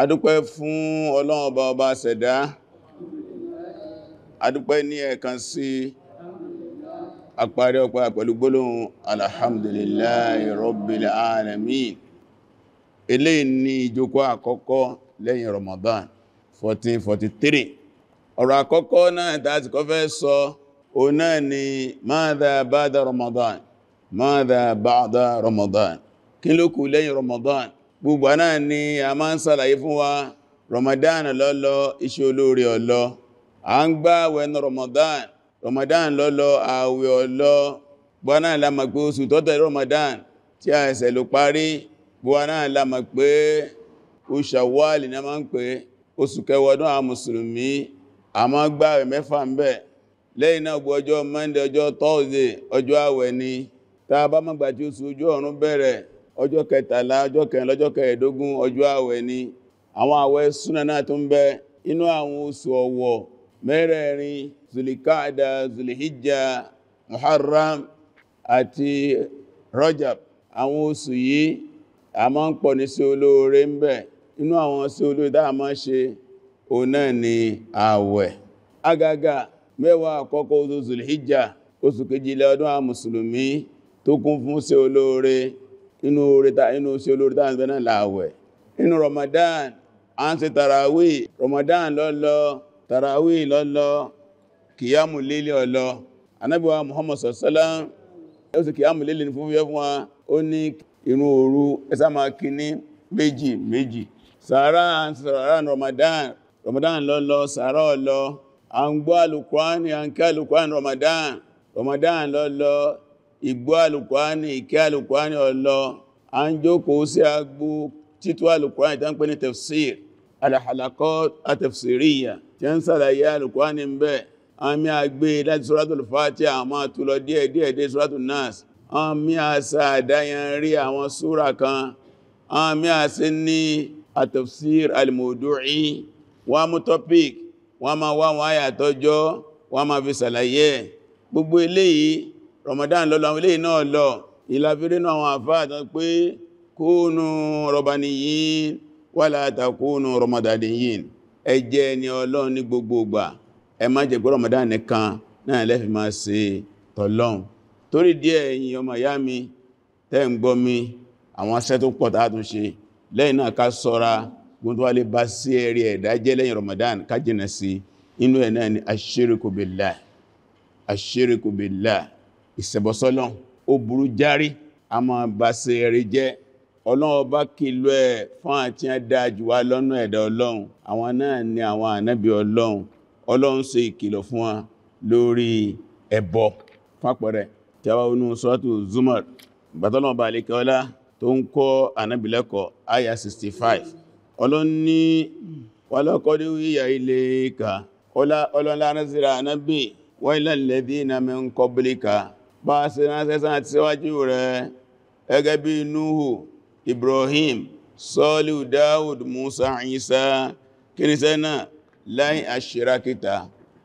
adúpẹ́ fún ọlọ́run ọba ọba ṣẹ̀dá adúpẹ́ ní ẹ̀kan sí àparí ọpẹ́ pẹ̀lú gbólóhùn alhamdulillahi rabbil alamin eléyìí ni ìjókòó àkọ́kọ́ lẹ́yìn Ramadan 1443 ọ̀rọ̀ àkọ́kọ́ náà tàbí kọ́ fẹ́ sọ o náà ni madha ba'da Ramadan madha ba'da Ramadan kí ló lẹ́yìn Ramadan gbogbo náà ni a máa ń sàlàyé fún wa Ramadan lọ́lọ́ iṣẹ́ olóore ọ̀lọ́ a ń gbá wẹnu Ramadan Ramadan lọ́lọ́ àwẹ̀ ọ̀lọ́ gbogbo náà la mọ̀ pé oṣù tọ́tẹ̀ Ramadan tí a ẹsẹ̀ ló parí gbogbo náà la mọ̀ pé oṣù Ṣawwal ni a máa ń pè oṣù kẹwàdún àwọn mùsùlùmí a àwẹ̀ Thursday ọjọ́ àwẹ̀ ni tá a bá mọ́gbà oṣù ojú ọ̀run bẹ̀rẹ̀ ọjọ́ kẹtàlá ọjọ́ kẹrin lọ́jọ́ kẹẹ̀dógún ọjọ́ àwẹ̀ ni àwọn àwẹ̀ súnà náà tó ń bẹ inú àwọn oṣù ọ̀wọ̀ mẹ́rẹ̀ẹ̀rin zulikada zulihijja muharram àti rajab àwọn oṣù yìí a máa ń pọ̀ ní sí olóore ń bẹ inú àwọn sí olóore agaga mẹ́wàá àkọ́kọ́ oṣù zulihijja oṣù kejìlá ọdún àwọn tó kún fún sí olóore inú oríta inú sí olórí tàà bẹ́ẹ̀ náà láàwẹ̀ inú Ramadan a ń ṣe tàràwì Ramadan lọ́lọ́ tàràwì lọ́lọ́ kìyàmù lélé ọlọ́ Ànábì Muhammad sallam ó sì kìyàmù lélé ní fún fífẹ́ fún wa ó ní inú òru ẹsà máa méjì méjì sàárà Ramadan Ramadan lọ́lọ́ sàárà ọlọ́ à ń gbọ́ Ramadan Ramadan lọ́lọ́ ìgbọ́ alùkwáni ìkẹ́ alùkwáni ọlọ a ń jókòó sí agbó títú alùkwáni tán pẹ́ ní tafsir alàhàlàkọ́ àtafsiriyya tí ń sàlàyé alùkwáni ń bẹ́ àmì àgbé e láti suratul Fatiha àmà túlọ díẹ̀díẹ̀ dé suratul Nas àmì àṣà àdáyẹnrí àwọn súra kan àmì àṣì ní àtafsir alìmòdúrí gbogbo eléyìí Ramadan lọ́lọ́ àwọn ilé náà lọ ìlàfírénà àwọn àfáà tán pé kúnù rọ̀bàníyìn wà látàkúnù rọmọdàdìyìn ẹ jẹ́ ni Ọlọ́run ní gbogbo ẹ má jẹ́ pé Ramadan nìkan náà lẹ́fì máa ṣe tọ́lọ́un torí díẹ̀ ẹ̀yin ọmọ ìyá mi tẹ́ ń gbọ́ mi àwọn aṣẹ́ tó pọ̀ tààtún ṣe lẹ́yìn ìṣẹ̀bọ̀sọ́lọ́n ó burú járí a ma bá ṣe rí jẹ́ ọlọ́run ọba kìlọ̀ ẹ̀ fún àti àdájú wa lọ́nà ẹ̀dá ọlọ́run àwọn náà ni àwọn ànábì ọlọ́run ọlọ́run ṣe ìkìlọ̀ fún wa lórí ẹbọ fápẹ̀rẹ̀ tí a wá inú sọ́tù Zumar bàtọ́lọ́run bá lékẹ́ ọlá tó ń kọ́ ànábì lẹ́kọ̀ọ́ aya 65 ọlọ́run ní wàlọ́kọ́dé yíya ilé ka ọlọ́run wọ́n ilẹ̀ bá ṣe ránṣẹ́ sáà tí síwájú rẹ̀ ẹgẹ́ bí Núhù Ibrahim Sọ́lù Dáwùd Musa Isa kìrìsẹ́ náà láì àṣírákítà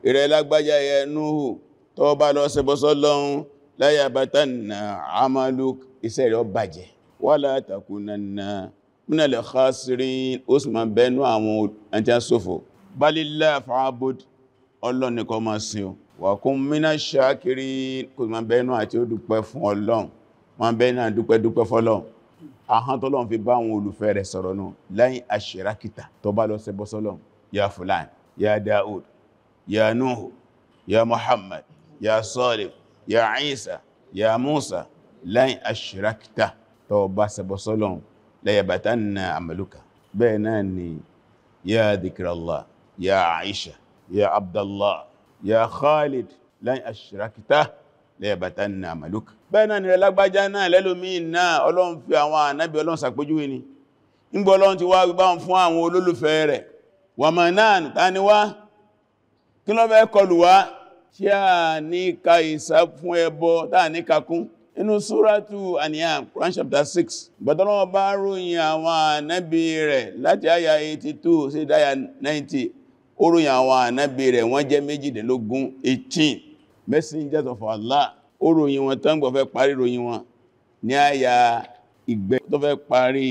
ìrẹ́ lágbájá yẹ Núhù tó bá lọ sẹbọ́sọ́lọ́un láyà bátà na amaluk iṣẹ́ rẹ̀ bàjẹ́ wala takunanna minal khasirin wa kun mina shakirin kò máa bẹ́ẹ̀nà àti ó dúpẹ́ fún ọlọ́run máa bẹ́ẹ̀nà dúpẹ́ dúpẹ́ fọ́lọ́run ahán tọ́lọ́run fi bá àwọn olùfẹ́ rẹ̀ sọ̀rọ̀ náà lẹ́yìn àṣírákìtà tó bá lọ ṣẹbọ sọ́lọ́run ya fulan ya daud ya nuhu ya muhammad ya salih ya isa ya musa lẹ́yìn àṣírákìtà tó bá ṣẹbọ aisha ya abdallah ya Khalid láyìn aṣìrakítà lẹ́ẹ̀bàtà ní àmàlúk bẹ́ẹ̀ náà nìrẹ lágbájá náà lẹ́lòmí náà ọlọ́run fi àwọn ànábì ọlọ́run sàpójúwé ni nígbọ́ ọlọ́run ti wá gbá fún àwọn olólùfẹ́ rẹ̀ wàmà náà taniwá kí ló fẹ́ kọlù wá tí a ní ka ìsá fún ẹbọ táà ní kakún inú súratù An'am Quran chapter 6 gbọ́dọ̀lọ́wọ́ bá ròyìn àwọn ànábì rẹ̀ láti àyà 82 sí dáyà 90 oróyìn àwọn ànábì rẹ̀ wọ́n jẹ́ méjìdínlógún 18 messengers of Allah oróyìn wọn tán gbọ́fẹ́ parí ìròyìn wọn ní àyà ìgbẹ́ tó fẹ́ parí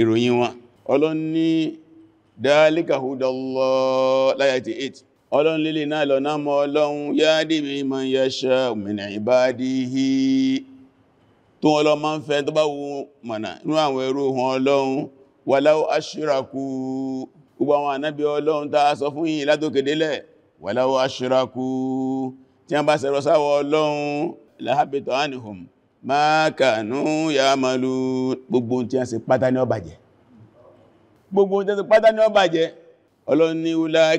ìròyìn wọn ọlọ́n ní dhalika hudallah láyà 8 ọlọ́n lílé náà lọ náà mọ́ ọlọ́run yahdi biman yasha min ibadihi tó wọn lọ máa ń fẹ́ tó bá wù mọ̀nà inú àwọn ẹrú ohun ọlọ́run walau ashraku gbogbo àwọn ànábí ọlọ́run tàà sọ fún yìí látòkèdélẹ̀ wàláwọ́ aṣírakú tí a bá sẹ̀rọ sáwọ ọlọ́run láhábẹ̀tọ̀ ánìhùn máa kànú ya malu gbogbo tí a sì pátá ní ó bàjẹ́ gbogbo tí a sì pátá ní ó ọlọ́run ní ulá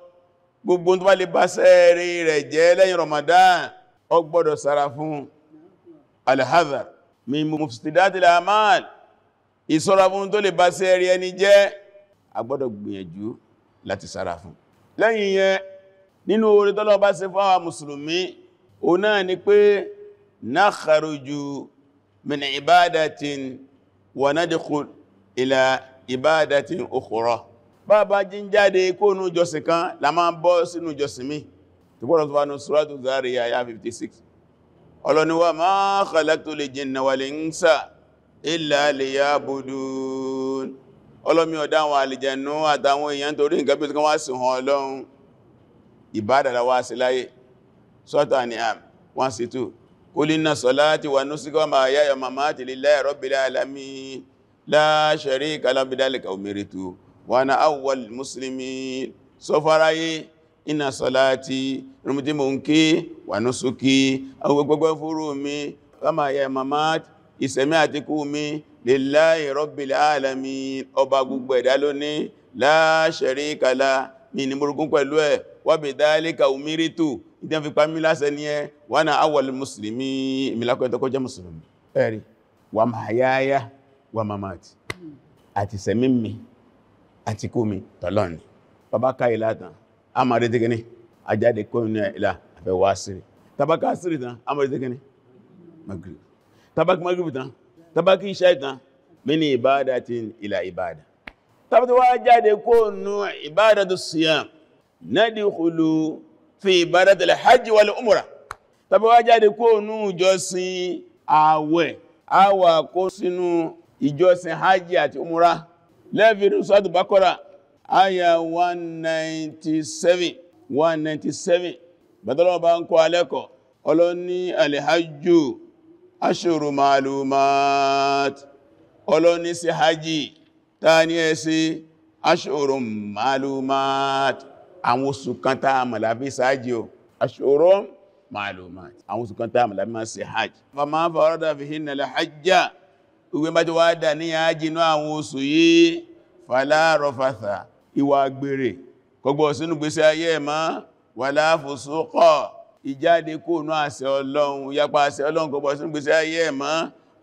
gbogbo tó bá lè bá sẹ́ẹ̀rí rẹ̀ jẹ́ lẹ́yìn Ramadan ó gbọ́dọ̀ sára fún al-hadhar min mufsidatil a'mal ìṣọ́ra fún tó lè bá sẹ́ẹ̀rí ẹni jẹ́ a gbọ́dọ̀ gbìyànjú láti sára fún lẹ́yìn yẹn nínú orí tọ́lọ bá ṣe fún àwọn o náà ni pé nakharuju min ibadatin wa nadkhul ila ibadatin ukhra bàbá jí ń jáde kóònú jọsìn kan la máa ń bọ́ sínú jọsìn mi tó gbọ́nà tó bá ní suratu Zariyat àyá 56 ọlọ́ni wa ma khalaqtul jinna wal insa illa liya'budun ọlọ́mi ọ̀dá àwọn àlìjẹ̀nú àtàwọn èèyàn torí nǹkan bí kan wá sí hàn ọlọ́run ìbádàlá wá sí láyé sọ́tọ̀ An'am 162 qul la sharika lahu bidhalika wa na awwal muslimin sọ faraye ina salati rumudi mo nke wa nusuki awogbogbo furu mi kama ya mamat ìṣẹ̀mí àti kú mi lillahi rabbil alamin ọba gbogbo ẹ̀dá lóní la sharika la mi ni murukun pẹ̀lú ẹ̀ wa bidhalika umiritu ìdẹ́ fi pa mí láṣẹ ní ẹ wa na awwal muslimin ìmìlákọ̀ ẹ̀tọ́kọ́ jẹ́ musulmi ẹ̀rí wa mahayaya wa mamati àti sẹ̀mí mi àti kómi tọ́lọ́ni bàbá ká ilá tán a máa rédé gini a jáde kómi ilá àfẹ́ wá sírì tabaka sírì tán a máa rédé gini magrib tabaki magrib tán tabaki iṣẹ́ tán mini ìbáadà ti ilá ìbáadà tabata wá jáde kómi ìbáadà tó siyam nadkhulu fi ìbáadà tẹ̀lẹ̀ hajji wal umra tàbí wá jáde kómi ìjọsìn àwẹ̀ a kó sínú ìjọsìn hajji àti umra lẹ́fìrí sọ́tù bákọ́rà àyà 197 197 bàtọ́lọ́ bá ń kọ́ alẹ́kọ̀ ọlọ́ní alìhájú aṣòro ma'alumat ọlọ́ní sí hajji ta ní ẹsí aṣòro ma'alumat àwọn oṣù kan tá a màlábí sáájì o aṣòro ma'alumat àwọn oṣù kan tá a màlábí máa sí hajji ìwé bá ti wá dà ní àjínú àwọn oṣù yìí fàlárọfàtà ìwà gbèrè kọgbọ̀ sínú gbèsè ayé ẹ̀má wà láàfòsókọ̀ ìjáde kóònú àṣẹ ọlọ́run yapa àṣẹ ọlọ́run kọgbọ̀ sínú gbèsè ayé ẹ̀má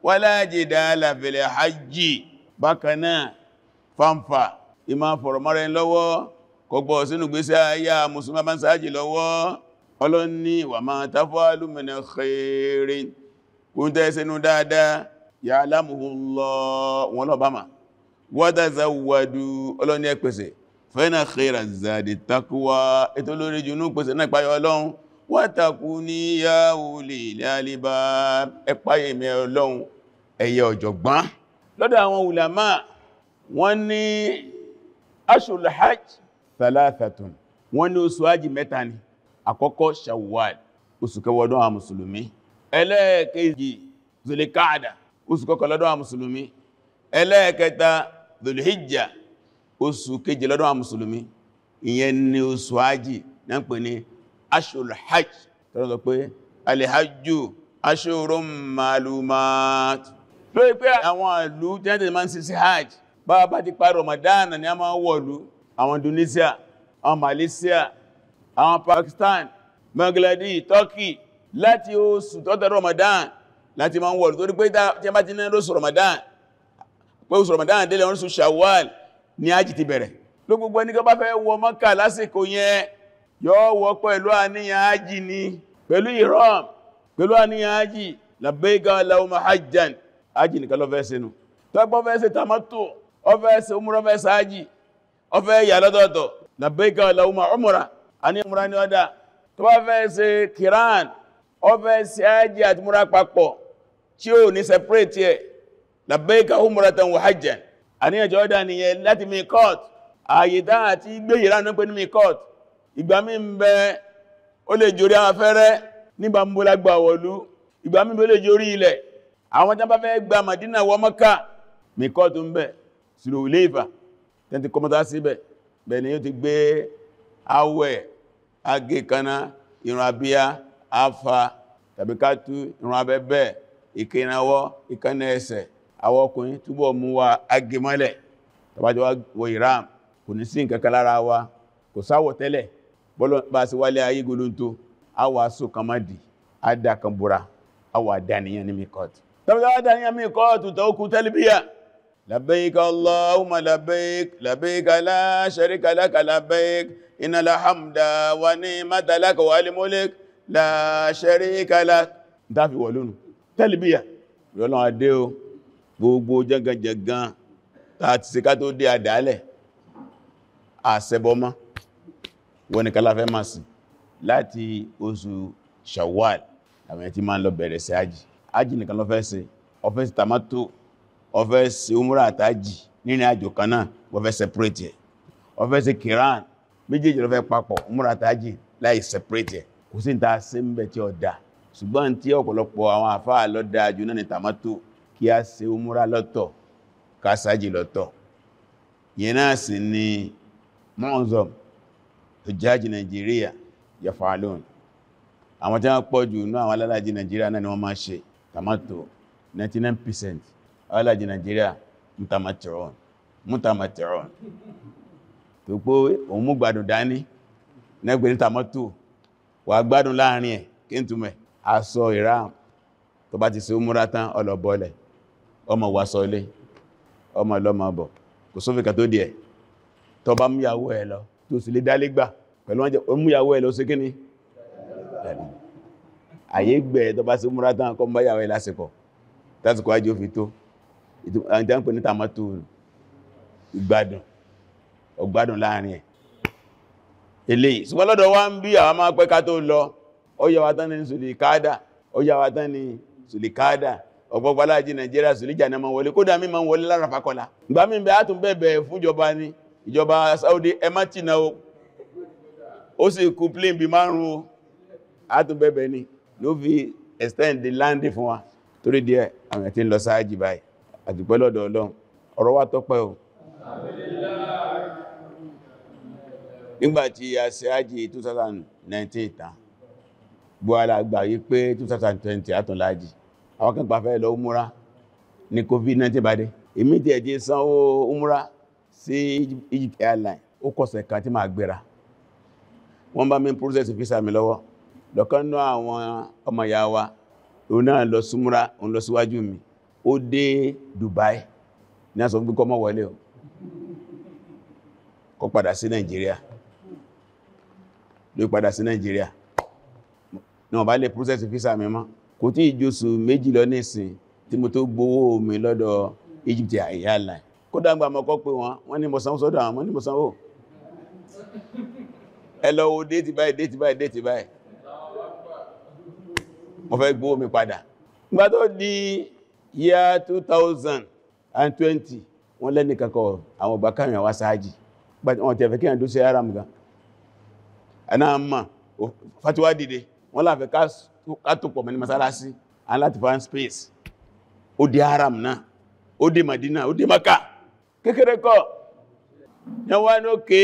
wà láàjìdá àlàfẹ̀lẹ̀ hajji bákanáà ọlọ́ni wà máa tafọ́ alúmìnà khairin kúntẹ́ sínú dáadáa ya'lamuhu Allah wọn lọ bá ma wadazawwadu ọlọ́ni ẹ pèsè fa inna khayra zadi taqwa ètò lórí jùnú pèsè náà ìpáyọ ọlọ́run wattaquni ya ulil albab ẹpáyẹ ìmẹ́ ọlọ́run ẹ̀yẹ ọ̀jọ̀gbọ́n lọ́dọ̀ àwọn ulama wọ́n ní ashul hajj thalathatun wọ́n ní oṣù oṣù kọkànlá lọ́dọ̀ àwọn mùsùlùmí ẹlẹ́ẹ̀kẹta dhulhijja oṣù keje lọ́dọ̀ àwọn mùsùlùmí ìyẹn ni oṣù hajji na ń pè ní ashul hajj tọ́rọ pé alihajju ashurun malumat tó yí pé àwọn ìlú tẹ́ntẹ̀ ma ń ṣe sí hajj bá bá ti parí Ramadan ni àwọn Indonesia àwọn Malaysia àwọn Pakistan Bangladesh Turkey láti oṣù tọ́tẹ̀ Ramadan láti máa ń wọ̀lù torí pé tí a bá ti ní lóṣù Ramadan pé oṣù Ramadan délẹ̀ oṣù Shawwal ní ájì ti bẹ̀rẹ̀ ló gbogbo ẹni bá fẹ́ wọ Mọ́kà lásìkò yẹn yóò wọ pẹ̀lú àníyàn ájì ni pẹ̀lú ìrọ́m pẹ̀lú àníyàn ájì labbaika Allahumma hajjan ájì nìkan ló fẹ́ sínú tọ́gbọ́n fẹ́ ṣe tamattu ó fẹ́ ṣe umra fẹ́ ṣe ájì ó fẹ́ yà lọ́dọ̀ọ̀tọ̀ labbaika Allahumma umra àní ni ó dá tó bá kiran ó fẹ́ ṣe ájì àti múra papọ̀ tí ó ní separate ẹ̀ labbaika umratan wa hajjan àníyàn Jordan nìyẹn láti mikot àyíká àti gbéyìrá náà pé ní mikot ìgbà mí ń bẹ ó lè jorí afẹ́rẹ́ nígbà ń bólágbà wọ̀lú ìgbà mí bẹ lè jorí ilẹ̀ àwọn tán bá fẹ́ Madina wọ Mọ́kà mikot ń bẹ sílò ilé ìfà tẹ́ntì kọmọta síbẹ̀ bẹ̀ẹ̀ ni yóò ti gbé awẹ́ agékaná ìrìn àbíyá tàbí kátú ìrìn ìkìnàwọ́ ìkànnà ẹsẹ̀ àwọn ọkùnrin túbọ̀ mú wa agimọ́lẹ̀ tàbájọ́ wọ ìrám kò ní sí nǹkan kan lára wa kò sáwọ̀ tẹ́lẹ̀ bá sí wálé ayé gólóntó a wà so kamadi a dá kan búra a wà dàníyàn ní mikot tàbájọ́ dàníyàn mikot tó kú tẹ́lẹ̀bíyà لبيك اللهم لبيك لبيك لا شريك لك لبيك إن الحمد ونعمة لك والملك في ولونه tẹ́lìbíyà lọ́lọ́run adé o gbogbo jẹ́ganjẹ̀gan láti ṣe ká tó dé àdálẹ̀ àṣẹbọmọ́ wọ́n ni kálá fẹ́ máa sìn láti oṣù Shawwal àwọn ẹ̀tí máa lọ bẹ̀rẹ̀ sí ájì nìkan lọ fẹ́ tamato ó fẹ́ umura àtàjì nínú àjò kan wọ́n fẹ́ separate ẹ̀ ó kiran méjèèjì lọ fẹ́ papọ̀ umura àtàjì láì ṣùgbọ́n tí ọ̀pọ̀lọpọ̀ àwọn àfáà lọ dáájú náà ni tàmátò kí a ṣe umúra lọ́tọ̀ kásájì lọ́tọ̀ yẹn ni mọ́ọ̀zọ̀m tó jájì Nàìjíríà ya fàálùn àwọn tí wọ́n pọ̀ jù ní àwọn ni wọ́n máa ṣe tàmátò 99% alálàájì Nàìjíríà mútàmátìrọ̀n mútàmátìrọ̀n tó pé òun mú gbádùn dání nẹ́gbẹ̀ẹ́ wà gbádùn láàrin ẹ̀ kí n túnmẹ̀ aṣọ ìrám tó bá ti ṣe umura tán ọlọ̀bọ̀lẹ̀ ọmọ wàṣọ ilé ọmọ ọlọ́mọ ọbọ̀ kò sófíkà tó díẹ̀ tó bá múyàwó ẹ̀ lọ tó sì lè dálégbà pẹ̀lú wọ́n múyàwó ẹ̀ lọ sí kíní àyè gbẹ̀ tó bá ṣe umura tán kọ́ múyàwó ẹ̀ lásìkò ọyàwátán ní sùlìkádà ọyàwátán ní sùlìkádà ọ̀pọ̀pọ̀láàjí Nàìjíríà sùlìjà ní ọmọ wọlé kódà mímọ̀ wọlé lára fakọ́lá gbá mi bẹ̀ átún bẹ̀bẹ̀ fúnjọba ní ìjọba Saudi ematina o ó sì kú plane bí márùn ún átún bẹ̀bẹ̀ ní ló fi extend the land fún wa torí díẹ̀ àwọn nígbàtí a ṣe ájì 2019 tán buhari àgbà yí pé 2020 àtúnlájì àwọn kan pàfẹ́ lọ umura ní covid-19 bá dé èmi tí ẹ̀dí sanwó umura sí Egypt Airlines ó kọ̀sẹ̀ kan tí máa gbéra wọ́n bá mi process visa mi lọ́wọ́ lọ́kàn náà àwọn ọmọ ìyá wa òun náà lọ súnmúra òun lọ síwájú mi ó dé Dubai ní àsọ gbíkọ́ mọ́ wọlé o kó padà sí Nàìjíríà náà bá lè process visa mi mọ́ kò tí ìjọsù méjì lọ nísìn tí mo tó gbowó mi lọ́dọ̀ Egypt Airlines kó dágbà mọ́kọ́ pé wọ́n wọ́n ní mo sanwó sọ́dọ̀ àwọn ní mo sanwó ẹ lọ wo déètì báyìí déètì báyìí déètì báyìí mo fẹ́ gbowó mi padà nígbà tó di year 2020 wọ́n lẹ́ni kankọ̀ àwọn ọba kàmìyàn wá sáájì wọ́n tẹ̀fẹ́ kí àdó sí ara mùgá àná àmà fàtíwá dìde wọ́n láfẹ́ kátòpọ̀ mẹ́ni masalasi aláti fan space ó dé haram náà ó dé madina ó dé maka kékeré kọ́ ní wọ́n ní òkè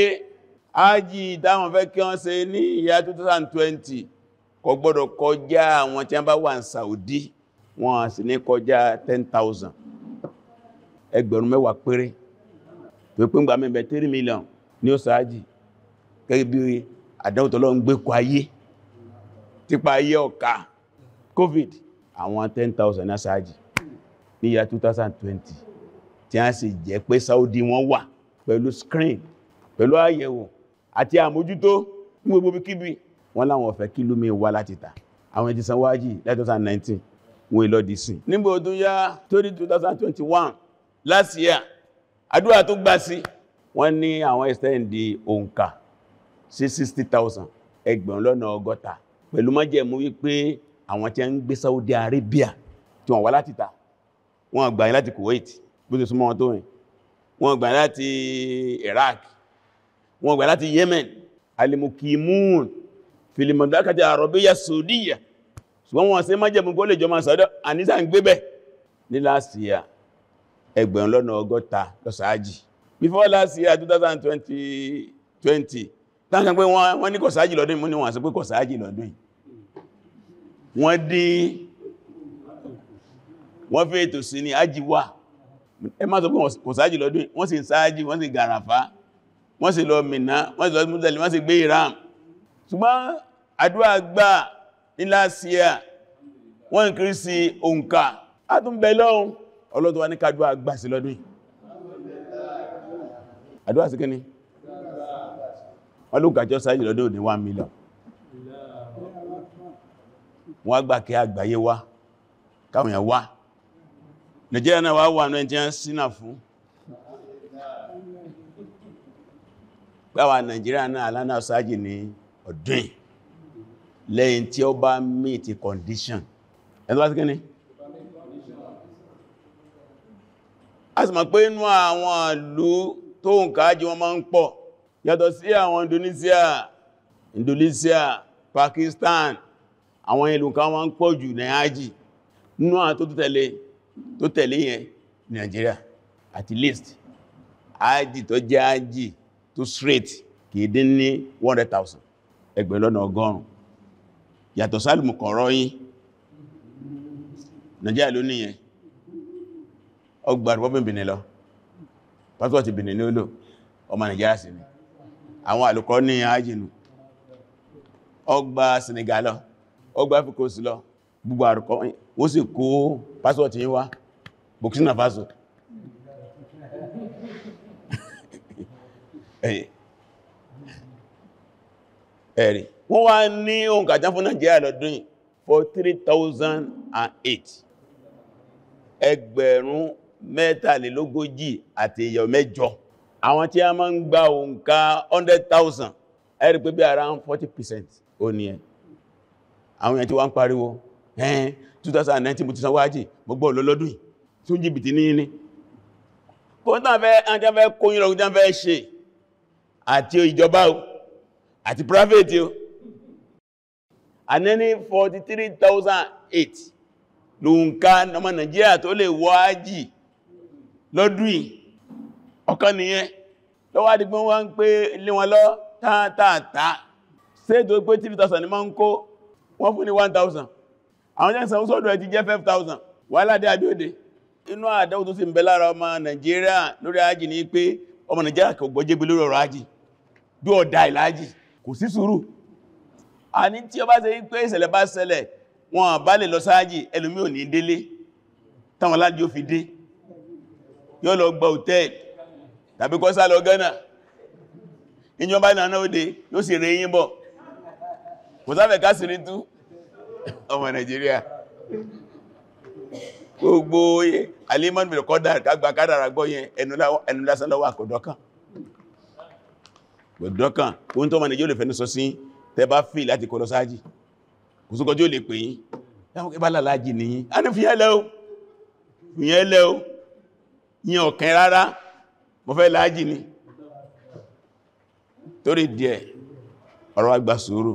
ájì ìdáwọn fẹ́ kí wọ́n ṣe ní ìyá 2020 kò gbọ́dọ̀ kọjá àwọn tí wọ́n bá wà ní Saudi wọ́n sì ní kọjá 10,000 ẹgbẹ̀rún mẹ́wàá péré tó pín gbà mẹ́bẹ̀ 3 million ní ó sáájì gẹ́gẹ́ bí tipa ayé ọ̀ka covid àwọn 10,000 náà sáájì ní ya 2020 tí a sì jẹ́ pé Saudi wọ́n wà pẹ̀lú screen pẹ̀lú àyẹ̀wò àti àmójútó ní gbogbo bí kíbi wọ́n láwọn ọ̀fẹ́ kílómí wá láti ta àwọn ẹ̀tì sanwájì 2019 wọ́n lọ dì sí nígbà ọdún yá 2021 last year àdúrà tó gbà sí wọ́n ní àwọn extend òǹkà sí 60,000 ẹgbẹ̀rún lọ́nà ọgọ́ta pẹ̀lú májẹ̀mú wípé àwọn tí a ń gbé Saudi Arabia tí wọ́n wá láti ta wọ́n gbà láti Kuwait bó ti súnmọ́ wọn tó rìn wọ́n gbà láti Iraq wọ́n gbà láti Yemen alimukimun filimọ̀dákàtí àrọ̀bíyà Saudiya ṣùgbọ́n wọ́n ṣe májẹ̀mú kó lè jọmọ sọ́dọ̀ anisa ń gbébẹ̀ ní last year ẹgbẹ̀rún lọ́nà ọgọ́ta lọ́sàájì before last year 2020 tán kan pé wọ́n ní kọ̀sáájì lọ́dún mú ní wọ́n sọ pé kọ̀sáájì lọ́dún yìí wọ́n dín wọ́n fẹ́ ètò sí ní ájì wà ẹ má sọ pé kò sáájì lọ́dún wọ́n sì sáájì wọ́n sì gàràfá wọ́n sì lọ mìíná wọ́n sì lọ múzàlì wọ́n sì gbé ìrám ṣùgbọ́n àdúwà gbà ní láàáṣíà wọ́n kìí sí òǹkà a tún bẹ lọ́un ọlọ́dún wa ní sí lọ́dún àdúwà wọ́n ló gàjọ́ sáájì lọ́dún ní 1 million wọ́n gbà kí àgbáyé wá káwọn èèyàn wá Nàìjíríà náà wá wà náà jẹ́ sínà fún gbáwà Nàìjíríà náà alánà sáàjì ní ọdún lẹ́yìn tí ó bá meet condition ẹ̀lọ́wà sí kíní a sì mọ̀ pé inú àwọn ìlú tó ń káájú wọn máa ń pọ̀ yàtọ̀ sí àwọn Indonesia Indonesia Pakistan àwọn ìlú kan wọ́n ń pọ̀ jù ní ájì nínú àwọn tó tẹ̀lé tó tẹ̀lé yẹn Nigeria at least ájì tó jẹ́ ájì tó straight kìí dín ní 100,000 ẹgbẹ̀lọ́nà ọgọ́rùn yàtọ̀ sálùmù kọ̀rọ̀ yìí Nigeria ló níyẹn ọgbà rọ́bìn Benin lọ pásọ̀tì Benin ní ó ọmọ Nigeria sí ni àwọn àlùkọ́ ní ájì nù ọgbà Senegal lọ ọgbà Africa sí lọ gbogbo àrùkọ́ wọ́n sì kó pásọ̀tì yín wá Burkina Faso ẹ̀rì wọ́n wá ní ohun kàjá fún Nigeria lọ́dún yìí for 3008 ẹgbẹ̀rún mẹ́tàlélógójì àti èyàn mẹ́jọ àwọn tí a máa ń gba òǹkà 100,000 ẹ̀rì pé bí around 40% ó ní ẹ̀ àwọn èèyàn tí wọ́n ń pariwo ẹn 2019 mo ti sanwó ájì gbogbo olólọ́dún tí ó jìbìtì ní ní kọ́ntàfẹ́ kóyìn lọ jẹ́ ṣe àti ìjọba àti private o anẹ́ni 43,008 lóǹkà ọmọ Nàìjíríà tó lè wọ́ ájì lọ́dún yìí ọ̀kan nìyẹn lọ́wọ́ adigun wọ́n ń pé ilé wọn lọ tààtàtà ṣe tó pé 2000 ni máa ń kó wọ́n fún ní 1000 àwọn jẹ́sàn ó sọ́dọ̀ ẹ ti jẹ́ 5000 wàhálàdé àdóòdé inú àdáwò tó sì ń bẹ lára ọmọ Nàìjíríà lórí ajì ní pé ọmọ Nàìjíríà kò gbọ́jẹ́gbé lórí ọ̀rọ̀ ajì bí ọ̀dá ìlàájì kò sí sùúrù a ní tí ó bá ṣe pé ìṣẹ̀lẹ̀ bá ṣẹlẹ̀ wọn bá lè lọ sáájì ẹlòmí ò ní délé táwọn aláàjì ó fi dé yóò lọ gba hòtẹ́ẹ̀lì tàbí kó sá lọ Gánà ìjọba ìlànà sì rẹ̀ yín kò sáfẹ́ ká sí rí tú ọmọ Nigeria, gbogbo aliman bil qadar kagbà kádàrà gbọ́ yẹn ẹnu lásán lọ́wọ́ àkọ̀dọ́kàn gbọ̀dọ́kàn tó ń tọ́mà Nàìjíríà lè fẹ́nu sọ sí tẹ bá fi láti kọ́ lọ sáájì kò súnkọ́ tí ó lè pè yí ìbálàlájì ní a ní fìyẹ́ lẹ́ o yẹn ọ̀kẹ́ rárá mo fẹ́ láájì ní torí díẹ̀ ọ̀rọ̀ àgbà sùúrù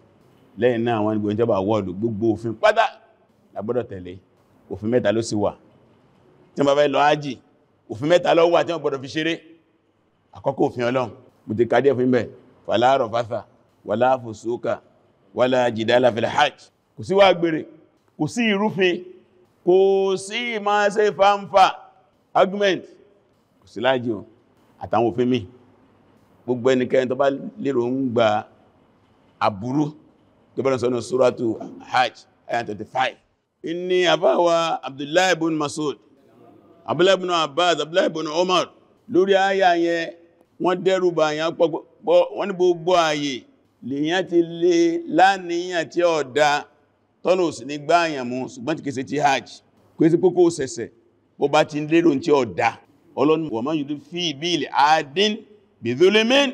lẹ́yìn náà àwọn ìgbòyìn jọba wọ́ọ̀dù gbogbo òfin pátá lágbọ́dọ̀ tẹ̀lé òfin mẹ́ta ló sì wà tí wọ́n bá fẹ́ lọ ájì òfin mẹ́ta ló wà tí wọ́n gbọ́dọ̀ fi ṣeré àkọ́kọ́ òfin ọlọ́run wala fusuka wala jidala fil hajj kò sí wá gbèrè kò sí ìrúfin argument kò sí láàájì o àtàwọn òfin mi gbogbo ẹnikẹ́ni tó bá lérò ń gba aburú gẹ́bẹ̀rẹ̀ sọ́nà suratu hajj ayat 35 inni àbáwa abdullahi ibn masud abdullahi ibn abbas abdullahi ibn umar lórí ayá yẹn wọ́n dẹ́rùbà yẹn pọ̀pọ̀ wọ́n ní gbogbo ààyè lèyàn ti lè láníyàn tí ó dá tọ́nà òsì ní gbáyàn mú ṣùgbọ́n ti kèsè ti hajj kò sí kókó sẹ̀sẹ̀ bó bá ti lérò tí ó dá ọlọ́run wọ̀mọ́ yìí fi ìbí ilẹ̀ àádín bìzúlẹ́mẹ́ni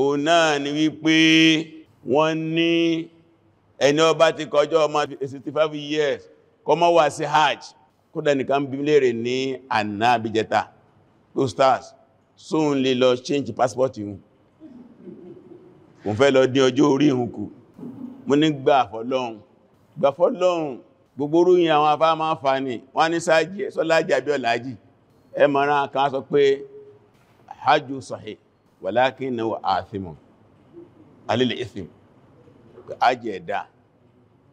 o náà ni wípé wọ́n ní ẹni ó bá ti kọjọ́ ọmọ 65 years kọmọ wá sí hajj kódà nìkan bí lèrè ní àná àbíjẹta tó stars sóun lè lọ change passport ìhun kò fẹ́ lọ dín ọjọ́ orí ìhun kù mo ní gbà fọ́lọ́hun gbà fọ́lọ́hun gbogbo orúyìn àwọn afá máa fà ní wọ́n ní sáájì sọ́lájì àbí ọ̀lájì ẹ mọ̀ràn kan sọ pé hajj sahih wàlákín náà ààfimọ̀ alílẹ̀ ìfìm ajẹ́ ẹ̀dá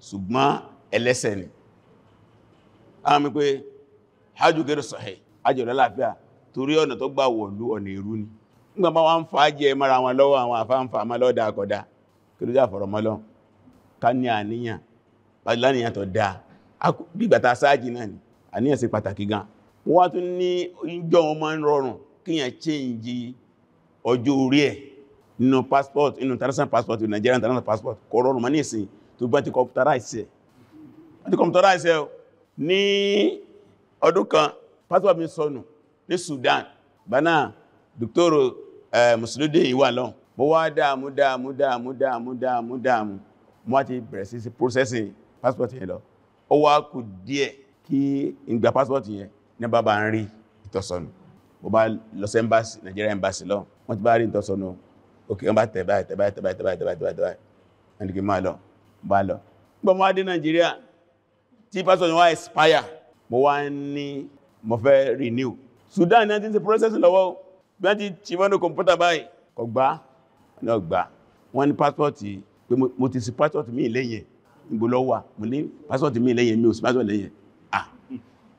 ṣùgbọ́n ẹlẹ́sẹ̀ ni a mi pé hajjú gẹ́rù sọ̀hẹ̀ ajẹ́ ọ̀rẹ́ láàfíà torí ọ̀nà tó gbà wọ̀lú ọ̀nà ìrú ni nígbàmá wọ́n ń mara wọn lọ́wọ́ àwọn àfáǹfà mọ́lọ́dà àkọ́dá kí ló jà fọ̀rọ̀ mọ́lọ́ ni àníyàn ṣe pàtàkì gan wọ́n tún ní ìjọ wọn máa ń rọrùn kíyàn change ọjọ́ orí ẹ̀ nínú passport nínú international passport nínú Nigerian international passport kò rọrùn mọ́ ní ìsìn tó gbá ti computerize ẹ̀ computerize ẹ̀ ní ọdún kan passport mi sọnù ní Sudan bana dr eh, musulode ìwà lọ mo wá dáàmú dáàmú dáàmú dáàmú dáàmú dáàmú mo wá ti bẹ̀rẹ̀ sí processing passport yẹn lọ ó wá kù díẹ̀ kí ìgbà passport yẹn ní bàbá ń rí ìtọ́sọnù bó bá lọ sí Nigeria embassy lọ wọ́n ti bá rí ìtọ́sọ nù òkè wọ́n bá tẹ̀ báyìí tẹ̀ báyìí tẹ̀ báyìí tẹ̀ báyìí máa lọ bá lọ gbọ́n wá Nigeria tí pásọ̀ ni wá expire mo renew Sudan náà ti ń ṣe process lọ́wọ́ bí wọ́n ti ti mọ́nà kọ̀mpútà báyìí kò mi lẹ́yìn ìbò lọ wà mi lẹ́yìn mi ò sí ah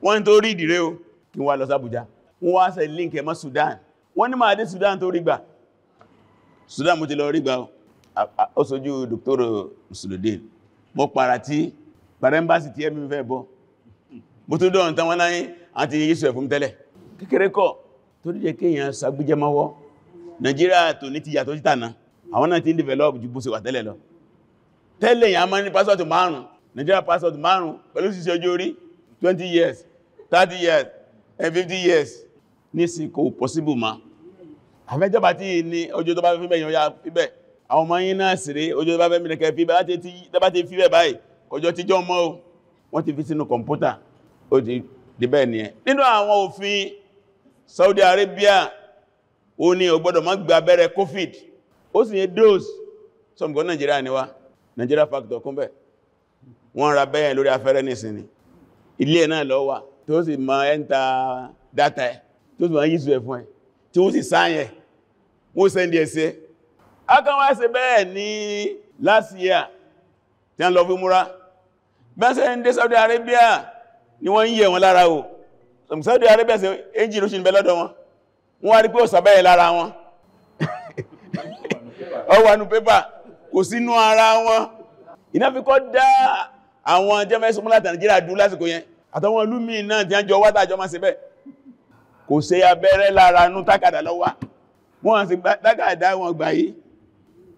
wọ́n ní tó rí ìdìrẹ́ o kí wọ́n lọ sí wọ́n wá ṣe link ẹmọ́ Sudan wọ́n ní máa dé Sudan tó rígbà Sudan mo ti lọ rígbà ó sojú Dr. Musuludin mo para tí parembasi ti ẹmí fẹ́ bọ́ mo tó dọ̀n tán wọ́n láyé àti yíṣù ẹ̀ fún tẹ́lẹ̀ kékeré kọ́ tó díje kéèyàn sagbújẹmọ́wọ́ Nàìjíríà tó ní ti yàtọ̀ develop ju bó ṣe wà tẹ́lẹ̀ lọ tẹ́lẹ̀ Nigeria pásọ̀tù márùn pẹ̀lú ṣíṣe ọjọ́ orí 20 years 30 years and 50 years nísì kò pọ̀síbù ma àfẹ́jọba tí ní ojú tó bá fẹ́ mẹ́yàn ya fíbẹ̀ àwọn ọmọ yìí náà sì rí ojú tó bá fẹ́ mẹ́rẹ̀kẹ́ fíbẹ̀ láti fíbẹ̀ báyìí kọjọ tí jọ mọ́ wọ́n ti fi sínú kọmpútà ó ti dìbẹ̀ ní ẹ nínú àwọn òfin Saudi Arabia ó ní o gbọ́dọ̀ má gba abẹ́rẹ́ COVID ó ni wá Nigeria factor kúnbẹ̀ wọ́n ra bẹ́yẹn lórí afẹ́rẹ́ nìsìn ni ilé náà lọ wà tó ẹ̀ tó tó wá yíṣù ẹ̀ fún ẹ̀ tí ó sì sáyẹ̀ wọ́n sẹ́ndì ẹ̀sẹ̀ akọwà ṣe bẹ́ẹ̀ ní last year tí a lọ fi múra bẹ́ẹ̀sẹ̀ ń dé Saudi Arabia ni wọ́n ń yẹ̀ wọn lára o Saudi Arabia ṣe ẹjì ló ṣe ń bẹ lọ́dọ̀ wọn wọ́n wá rí pé ó sàbẹ́ẹ̀ lára wọn ó wà nù pépà kò sínú ara wọn ìnáfikọ́ dá àwọn jẹ́mẹ́sùmúlá tàníjíríà dúró lásìkò yẹn àtàwọn olúmi náà tí a jọ wátà àjọ máa ṣe bẹ́ẹ̀ kò ṣe abẹ́rẹ́ lára nú tákàdá lọ́wá wọ́n sì tákàdá wọn gbà yí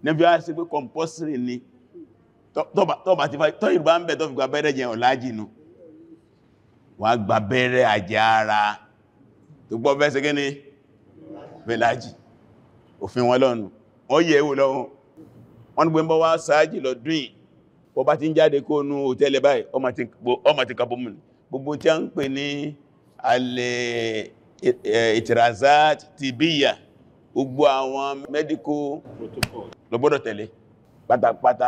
nẹ́bí wá sí pé compulsory ni tọ́bà ti fà tọ́ ìrùbá ń bẹ̀ tó fi gba abẹ́rẹ́ jẹ ọ̀lájìnú wà gba abẹ́rẹ́ àjẹ́ ara tó gbọ́ bẹ́ sí kíní bẹ́lájì òfin wọn lọ́nu wọ́n ni gbẹ́mbọ́ gbogbo tí a ń pè ní alẹ́ ìtìrazat tibiyya gbogbo àwọn medical protocol ló gbọ́dọ̀ tẹ̀lé pátápátá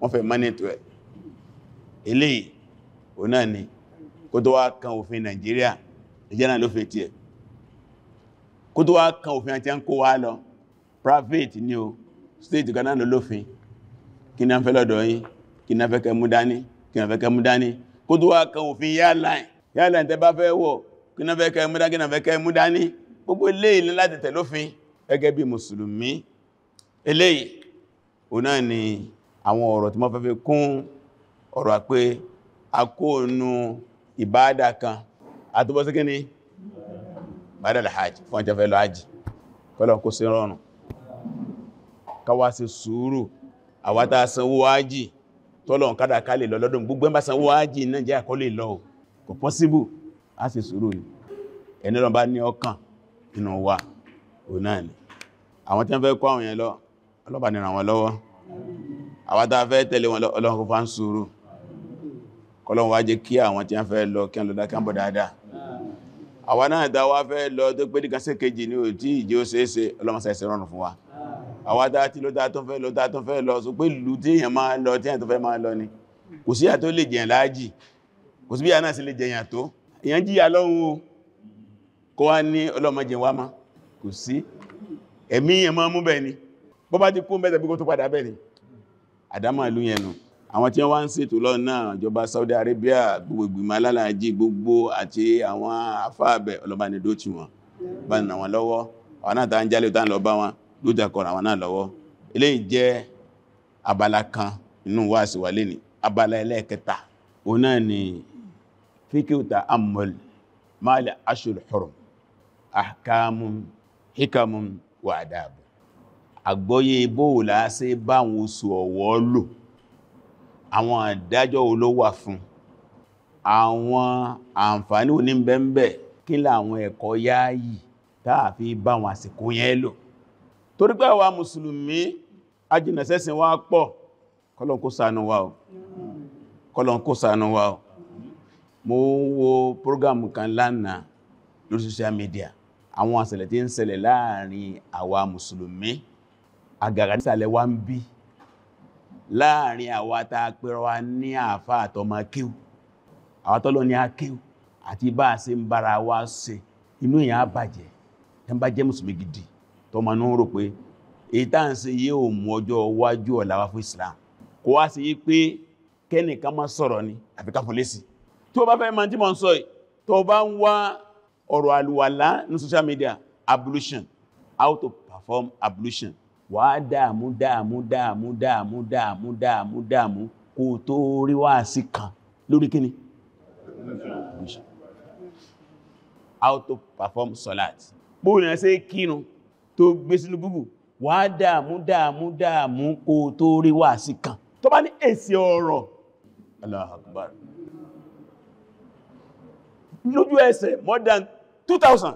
wọ́n fẹ́ mọ́nìtò ẹ̀ eléyìí ò náà ni kó tó wá kan òfin Nàìjíríà ìjẹ́nà ló fẹ́ tí ẹ̀ kó tó wá kan òfin àti ẹn kó wá lọ private ni o state kanáà ló lófin kí ní a fẹ́ lọ́dọ̀ yìí kí ní a fẹ́ kẹ mú dání kí ní a fẹ́ kẹ mú dání kó tó wá kan òfin yálàìn yálàìn tẹ́ bá fẹ́ wọ̀ kíná fẹ́ kẹ́ múdá kíná fẹ́ ni àwọn ọ̀rọ̀ tí mo fẹ́ fi kún ọ̀rọ̀ pé a kó nú ìbádà kan àtúbọ̀ sí kíní bádà alhajj fún ọjọ́ fẹ́ lọ hajj kọ́lọ̀ kó sí rọrùn káwà sí sùúrù àwátá sanwó hajj tọ́lọ̀ kádà kalẹ̀ lọ lọ́dún gbogbo ẹmbà sanwó hajj náà jẹ́ àkọlẹ̀ lọ kò possible a sì sùúrù ni ẹni lọ bá ní ọkàn inú wa ò náà ni àwọn tí wọ́n fẹ́ kó àwọn yẹn lọ ọlọ́bàá ni ràn wọ́n lọ́wọ́ àwọn tá a fẹ́ tẹ̀lé wọn ọlọ́run fa ń sùúrù kọlọ́run wá kí àwọn tí wọ́n fẹ́ lọ kí wọ́n lọ dákẹ́ bọ̀ dáadáa wa àwọn tá ti lọ tá tó fẹ́ lọ tá tó fẹ́ lọ sọ pé lù tí èèyàn máa lọ tí èèyàn tó fẹ́ máa lọ ni kò sí àtó lè jẹ̀yàn láàjì kò sí bí àná sí lè jẹ̀yàn tó èyàn jíyà lọ́hun o kó wá ní ọlọ́mọjẹ wá má kò sí ẹ̀mí yẹn máa mú bẹ́ẹ̀ ni bó bá ti kú mẹ́ta bí tó padà bẹ́ẹ̀ ni àdámà ìlú yẹn àwọn tí wọ́n ń ṣètò lọ́nà ìjọba Saudi Arabia gbogbo ìgbìmọ̀ alálàájí gbogbo àti àwọn afáàbẹ̀ ọlọ́bá ni dó tí wọn bá nà wọn lọ́wọ́ àwọn náà tàà ń jálẹ̀ tàà ń lọ bá wọn lójà kọ̀rọ̀ ni فيكو تأمل ما لأشهر الحرم أحكام حكم وأداب àgbọ́yé bóò láásí báwọn oṣù ọ̀wọ̀ lò àwọn àdájọ́ olówà fún àwọn àǹfààní òní bẹ́m̀bẹ̀ kí láwọn ẹ̀kọ́ yááyì tààfí báwọn àsìkò yẹn lò torí pé àwa mùsùlùmí ajínà sẹ́sìn wa pọ̀ kọlọ̀n kó mo ń wo program kan lánàá lórí social media àwọn àṣẹlẹ̀ tí ń ṣẹlẹ̀ láàrin àwa mùsùlùmí àgàgà nísàlẹ̀ wa ń bí láàrin àwa ta pẹ̀rọ wa ní àfá àtọmọ kíw àwa tọ́lọ ní akíw àti bá a ṣe ń bára wa ṣe inú èyàn àbàjẹ́ tẹ́ bá jẹ́ mùsùlùmí gidi tọmọ ní rò pé èyí ń ṣe yíò mú ọjọ́ iwájú ọ̀làwà fún Islam kò wá sí pé kẹ́nìkan má sọ̀rọ̀ ni àfi fún lésì tó bá fẹ́ mọ̀ tí mò ń sọ yìí tó bá ń wá ọ̀rọ̀ àlùwàlá ní social media ablution how to perform ablution wà á dáàmú dáàmú dáàmú dáàmú dáàmú dáàmú dáàmú kò tó rí wáàsí kan lórí kíni how to perform salat bóòlù ẹ̀ sí kínu tó gbé sínú Google wà á dáàmú dáàmú dáàmú kò tó rí wáàsí kan tó bá ní èsì ọ̀rọ̀ Allahu Akbar lójú ẹsẹ̀ more than 2000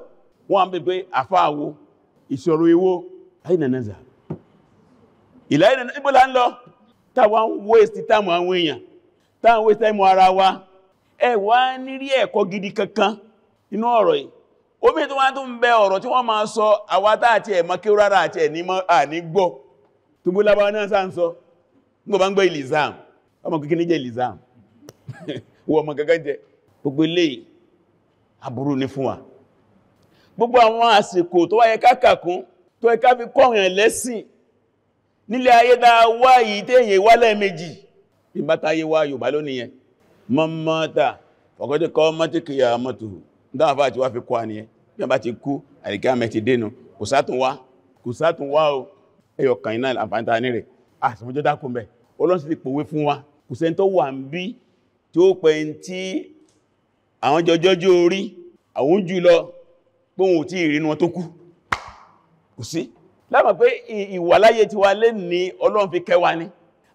wọ́n bẹ̀ pé àfáàwó ìṣòro ewó àìnànáza ìlà ìrìnà ìbọ́lá ń lọ tàwà ń waste time àwọn èèyàn tàà ń waste time ara wa ẹ wá ní rí ẹ̀kọ́ gidi kankan inú ọ̀rọ̀ yìí omi tó wá tó ń bẹ ọ̀rọ̀ tí wọ́n máa sọ àwátá àti ẹ̀mọ́ kí rárá àti ẹ̀ní gbọ́ tó bó lábá náà sáà ń sọ nígbà bá ń gbọ́ ilizam ọmọ kékeré jẹ́ ilizam wọ́n ọmọ kankan jẹ gbogbo aburú ní fún wa gbogbo àwọn àsìkò tó wáyé kákàkún tó ẹká fi kọ́rin lẹ́sìn nílé ayé dáa wá yìí tí èyè wá lẹ́ẹ̀mejì ìbátá ayé wá yóò bá lónìyàn mọ́mọ́ta ọgọ́dẹ́ kọ́ mọ́tíkì yà mọ́tò dáàfà àti wá fi kọ́ àníyàn bí a bá ti kú àríkàmẹ́ ti dénú kò tí ó pẹ̀ tí àwọn jọjọ́jú orí àwọn jùlọ pé wọn ò tí ìrìnà tó kú kò sí láàmà pé ìwàláyé ti wà lé ní ọlọ́run fi kẹwa ni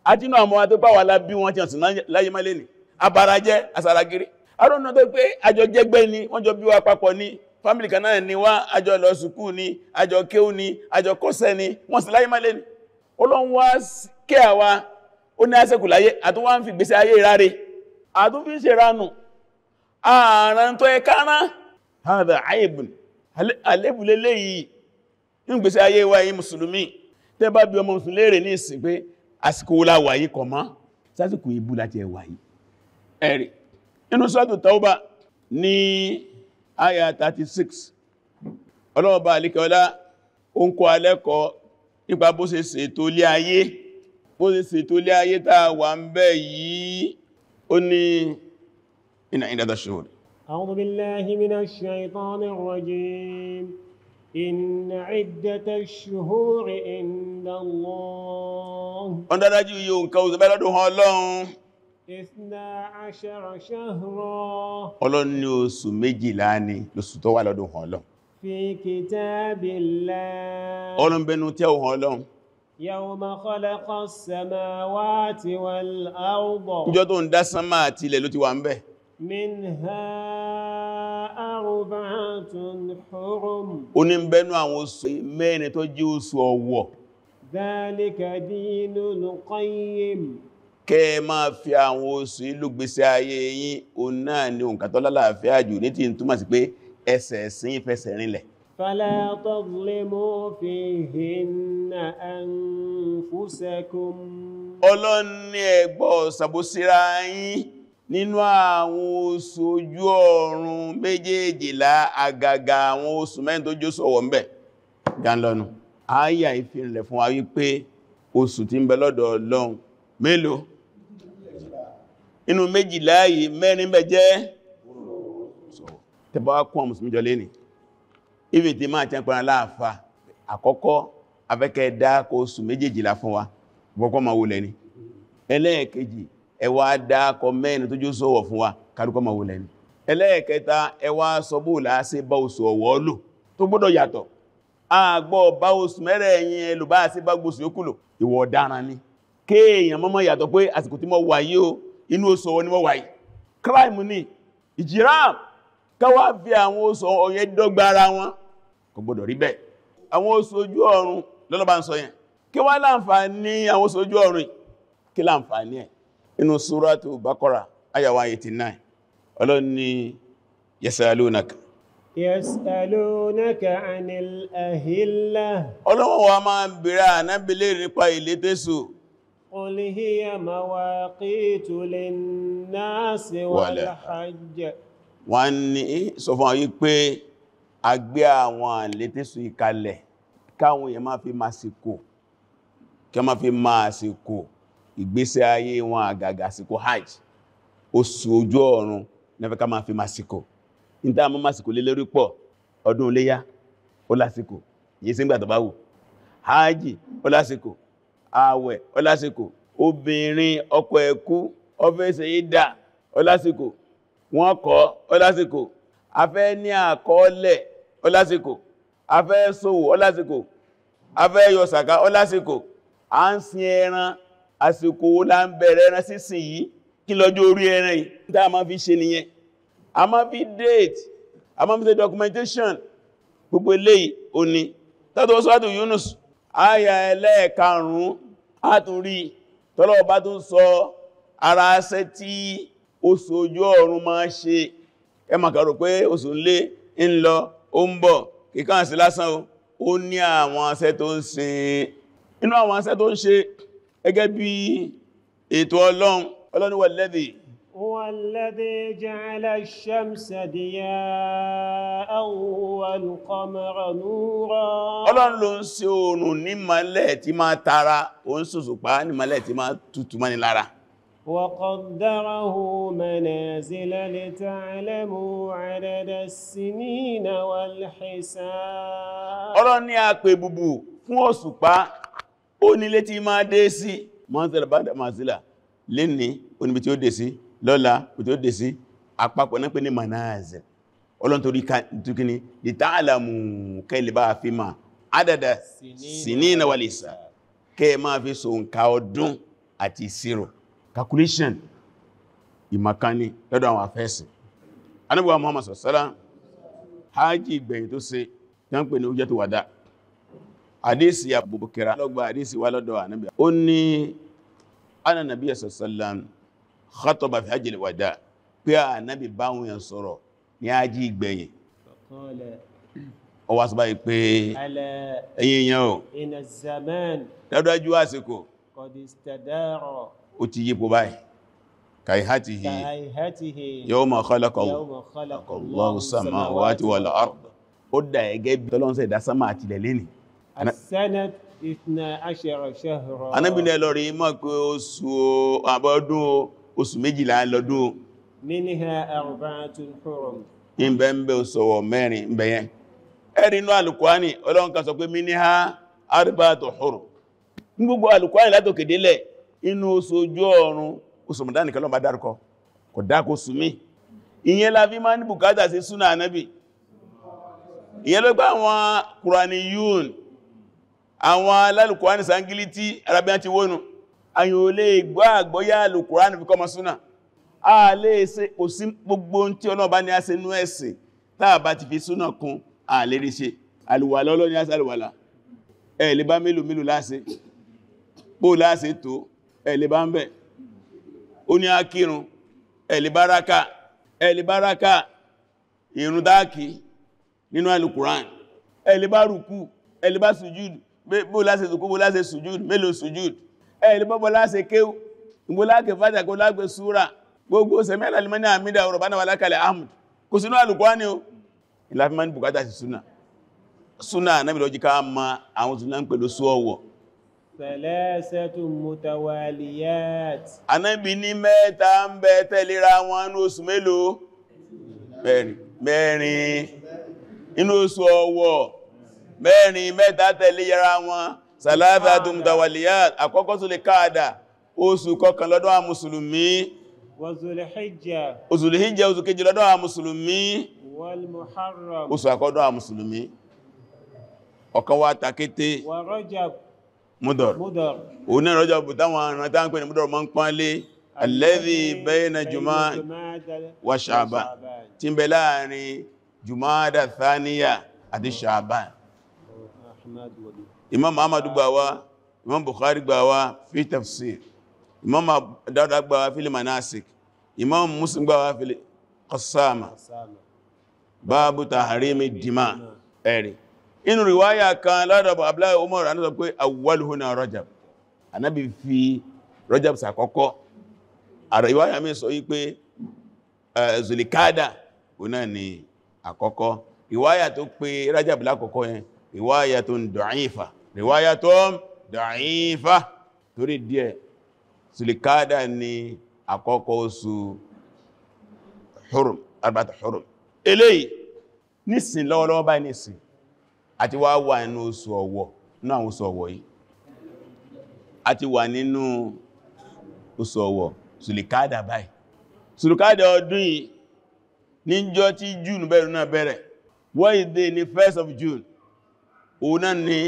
a ti náà mọ́ tó bá wà lábí wọn ti ọ̀sán láyé má lé ní abarajẹ́ asaragiri arọ́nà tó pé àjọ jẹ́gbẹ́ ni wọ́n jọ bí wa papọ̀ ni fámílì kan náà ni wá àjọ lọ sùkú Aara tó ẹka rán hádà àyèbùn alébùlélé yìí ní gbèsè ayé wa yìí mùsùlùmí tẹ́ bá bí ọmọ mùsùlùmí ní ìsìn pé àsìkò la yìí kọ̀ mọ́ sásìkò ìbú láti ẹwà yìí ẹ̀rì tauba ní àyà 36 ọlọ́ọ̀bá alikọ́lá ń kọ́ alẹ́kọ́ nípa bó ṣe ṣètò ayé bó ṣe ṣètò ayé wà ń إن عند الشهود أعوذ بالله من الشيطان الرجيم إن عدة الشهور عند الله أنت راجي يوم كوز بلده الله Ìsìnà àṣàrà ṣáhùrọ̀. Ọlọ́run ní oṣù méjìlá ni lóṣù tó wà lọ́dún hàn lọ. Fi kitabillah. Ọlọ́run bẹnu tí ó hàn lọ́run. Yawma khalaqa as-samawati wal-arda. Ìjọ́ tó ń dá sánmà àti ilẹ̀ ló ti wà ń bẹ̀ minha arba'atun hurum ó ní bẹnu àwọn oṣù mẹ́rin tó jẹ́ oṣù ọ̀wọ̀ dhalika dinul qayyim kẹ́ máa fi àwọn oṣù ìlú gbèsè ayé yín o náà ni òǹkà tó lálàáfíà jù ní tí ń túmọ̀ sí pé ẹsẹ̀ sí fẹsẹ̀ rinlẹ̀ fala tadhlimu fihinna anfusakum ọlọ́ni ẹgbọ́ sàbòsíra yín nínú àwọn oṣù ojú ọ̀run méjèèjìlá àgàgà àwọn oṣù mẹ́rin tó jó sọ̀wọ̀ ń bẹ̀ dánlọ́nu ayà ìfìrìnlẹ̀ fún wa wípé oṣù tí ń bẹ lọ́dọ̀ Ọlọ́run mélòó inú méjìlá yìí mẹ́rin bẹ jẹ́ tẹbàá kún àmùsùn jọ lẹ́ni ibi ẹwà dákọ mẹ́rin tó jó sọ́wọ̀ fún wa kárúkọ́ ma wòlẹ̀ ni ẹlẹ́ẹ̀kẹta ẹwà sọ́bù láásí bá oṣù ọ̀wọ́ lò tó gbọ́dọ̀ yàtọ̀ àgbọ́ bá oṣù mẹ́rẹ̀ ẹ̀yìn ẹlò bá sí bá gbóṣù yókù ni kéèyàn crime ni ìjìrám káwà fi àwọn oṣù ọ̀yẹ́ dọ́gba ara wọn kò gbọ́dọ̀ rí bẹ́ẹ̀ àwọn oṣù ojú ọ̀run lọ́lọ́bà ń sọ kí wá láǹfààní ẹ̀ inú súrátù Baqara ayàwà 89 ọlọ́run ni yasalunaka yasalunaka anil ahilla ọlọ́run wa máa bèèrè ànábìlẹ̀ nípa ilé tẹ́sù qul hiya mawaqitu linnasi wal hajj wọ́n ní sọ fún àwọn yí máa fi kí wọ́n máa fi máa sìkò ìgbésẹ̀ ayé wọn àgàgà àsìkò hajj oṣù ojú ọ̀run nẹ́fẹ́ká máa fi másìkò níta mọ́ másìkò lé lórí pọ̀ ọdún iléyá ó lásìkò yìí sí ìgbà tó bá wù hajj ó lásìkò ààwẹ̀ ó lásìkò obìnrin ọkọ ẹ̀kú ọfẹ́sẹ̀ ìdà ó lásìkò wọ́n kọ́ ó lásìkò àsìkò la ń bẹ̀rẹ̀ ẹran sísìn yìí kí lọ́jọ́ orí ẹran yìí tá a máa fi ṣe nìyẹn a máa fi date a máa fi ṣe documentation gbogbo eléyìí ó ní Yunus àyà ẹlẹ́ẹ̀karùn-ún àtúrí tọ́lọ́ọ̀bá tó ń sọ ara aṣẹ́ tí oṣù ojú ọ̀run máa ṣe ẹ máa kàrò pé oṣù ń lé ń lọ ó ń bọ̀ kíkàn lásán ó ní àwọn aṣẹ́ tó ń ṣe inú àwọn aṣẹ́ tó ń ṣe gẹ́gẹ́ bí ètò ọlọ́run ọlọ́run wà lẹ́dì Wàlẹ́dì jẹ́lẹ̀ ṣẹ́mṣẹ̀dìyà àwọn kọmọrọ̀ núrọ̀. Ọlọ́run ló ń ṣe oòrùn ní malẹ̀ tí máa tara, ó ń sòsùpá ní malẹ̀ tí máa tutù mani lára. وقدره منازل لتعلموا عدد السنين والحساب ọ̀rọ̀ ni a pè bùbù fún òṣùpá ó nílé tí máa dé sí mọ́sílẹ̀ bá dàmásílà lè ní oníbi tí ó dé sí lọ́la bí tí ó dé sí àpapọ̀ náà pé ní manazil ọlọ́ntorí tukini di ta'alamu kẹ́lẹ̀ bá fi ma adada sinina walisa kẹ́ máa fi so nka ọdún àti ìṣirò calculation ìmakani lọ́dọ̀ àwọn afẹ́sì anábíwá Muhammad sallallahu alaihi wasallam hajji ìgbẹ̀yìn tó ṣe tán pè ní ó jẹ́ tó wàdá hadisi abubakira lọ́gbà hadisi wá lọ́dọ̀ ànábì ó ní ana nàbí sallam khataba fi hajjil wada pé ànábì báwọn yẹn sọ̀rọ̀ ní ají ìgbẹ̀yìn ó wá sọ báyìí pé ẹ̀yin yẹn o inna zaman dájú àsìkò qad istadara ó ti yípo báyìí kaihatihi yawma khalaqa Allahu samawati wal ard ó dà ẹgẹ́ as-sanat ìtìnà aṣẹ́rọ̀ ṣẹ́rọ̀ anábìnrin lọ́rí mọ́ pé oṣù àbọ́dún oṣù méjìlá lọ́dún minha arba'atun hurum ìbẹ̀m̀bẹ̀ oṣòwò mẹ́rin bẹ̀yẹn ẹ̀rinú alùkwáni ọlọ́run kan sọ pé minha arba'atun hurum ní gbogbo alùkwáni látòkè délẹ̀ inú oṣù ojú ọ̀run oṣù mọ̀dánì kan bá dárúkọ kò dákó sùmí ìyẹn la máa ní sí súnà ìyẹn ló gbá àwọn alálùkùránì sangili tí arábíyàn ti wónú ayò lè gbọ́ àgbọ́yà alùkùránì fi kọ́ masúnà a lè ṣe kò sí gbogbo tí Ọlọ́run bá ní a ṣe nú ẹ̀sìn táà bá ti fi súnà kún a lè rí ṣe alùwàlá Ọlọ́run ní a ṣe sùjúdù bó láṣe zùkú bó láṣe sùjúd mélòó sùjúd ẹ̀lú bọ́bọ̀ láṣe kéw gbó láàkè fàjà kó lágbé súra gbogbo sẹ̀mẹ́ alimani amida rabbana walakal hamd kò sínú alùkwáni o ìlàfimani bukata sí súnà súnà náà lọ́jí ká ma àwọn súnà ń pẹ̀lú súọwọ̀ Thalathatun mutawaliyat. Anábi ní mẹ́ta ń bẹ tẹ́lera wọn ní oṣù mélòó? Mẹ́rin. Mẹ́rin. Inú oṣù ọwọ́ mẹ́rin mẹ́ta tẹ̀lé yẹra wọn sàlátà dùmdàwàlìyà àkọ́kọ́ tó lè káàdà oṣù kọkàn lọ́dọ̀ àwọn mùsùlùmí òzùlùhíjẹ oṣù kejì lọ́dọ̀ àwọn mùsùlùmí oṣù àkọ́dọ̀ àwọn mùsùlùmí ọ̀kan wá takété múdọ̀r òun náà rọ́jọ́ bù táwọn arìnrìn tá ń pè ní múdọ̀r mọ́ ń tí ń bẹ láàrin jùmọ́ thaniya àti ṣàbà imam ahmad gbà wá imam bukhari gbà wá fi tafsir imam dáadáa gbà wá fil manasik imam muslim gbà wá fil qasama báàbù tahrimi dìmá ẹ̀rì inú riwaya kan ládàbà abúláyé umar ránà sọ pé awwaluhuna rajab anábi fi rajab sàkọ́kọ́ àrà riwaya mi sọ yí pé zulikada ọ̀nà ni àkọ́kọ́ riwaya tó pé rajab lákọ́kọ́ yẹn riwayatun da'ifa riwayatun da'ifa torí díẹ̀ sulikada ni àkọ́kọ́ oṣù hurum arba'at hurum eléyìí nísìn lọ́wọ́lọ́wọ́ báyìí nísìn àti wá wà nínú oṣù ọ̀wọ̀ nínú àwọn oṣù ọ̀wọ̀ yìí àti wà nínú oṣù ọ̀wọ̀ sulikada báyìí sulikada ọdún yìí níjọ́ tí June bẹ̀rẹ̀ náà bẹ̀rẹ̀ wọ́n ìdè ni 1st of June ọ̀nà ni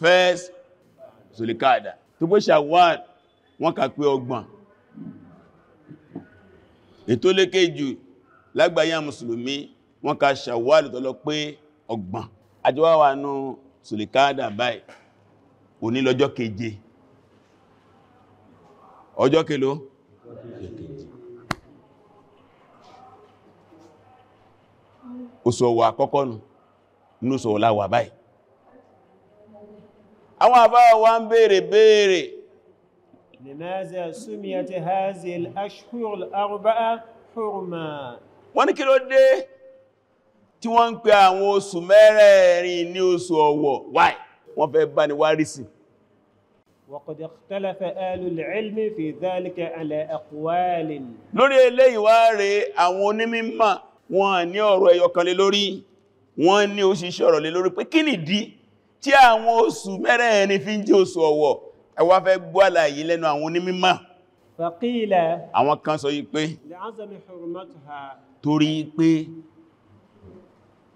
first zulikada tó bó ṣàwàd wọ́n kà pé ọgbọ̀n ètò lékè jù lágbàáyé mùsùlùmí wọ́n kà ṣàwàd tọ́lọ pé ọgbọ̀n àjọwàwà nú zulikada báyìí òní lọ́jọ́ keje ọjọ́ kelo oṣù ọ̀wọ̀ àkọ́kọ́ nù ní oṣù ọ̀lá wà àwọn àbá wa ń béèrè béèrè limaza sumiyat hazi al-ashhur al-arba'a hurma wọ́n ní kí ló dé tí wọ́n ń pè àwọn oṣù mẹ́rẹ̀ẹ̀rin ní oṣù ọ̀wọ̀ wáì wọ́n fẹ́ bá ní wárìsì wa qad ikhtalafa ahlul ilmi fi dhalika ala aqwalin lórí eléyìí wá rẹ̀ àwọn onímímọ̀ wọ́n ní ọ̀rọ̀ ẹyọkan lé lórí wọ́n ní ó sì ṣọ̀rọ̀ lé lórí pé tí àwọn oṣù mẹ́rẹ̀ẹ̀rin fi ń jẹ́ oṣù ọ̀wọ̀ ẹ wá fẹ́ gbọ́ àlàyé lẹ́nu àwọn onímímọ̀ fàkílẹ̀ àwọn kan sọ yí pé torí pé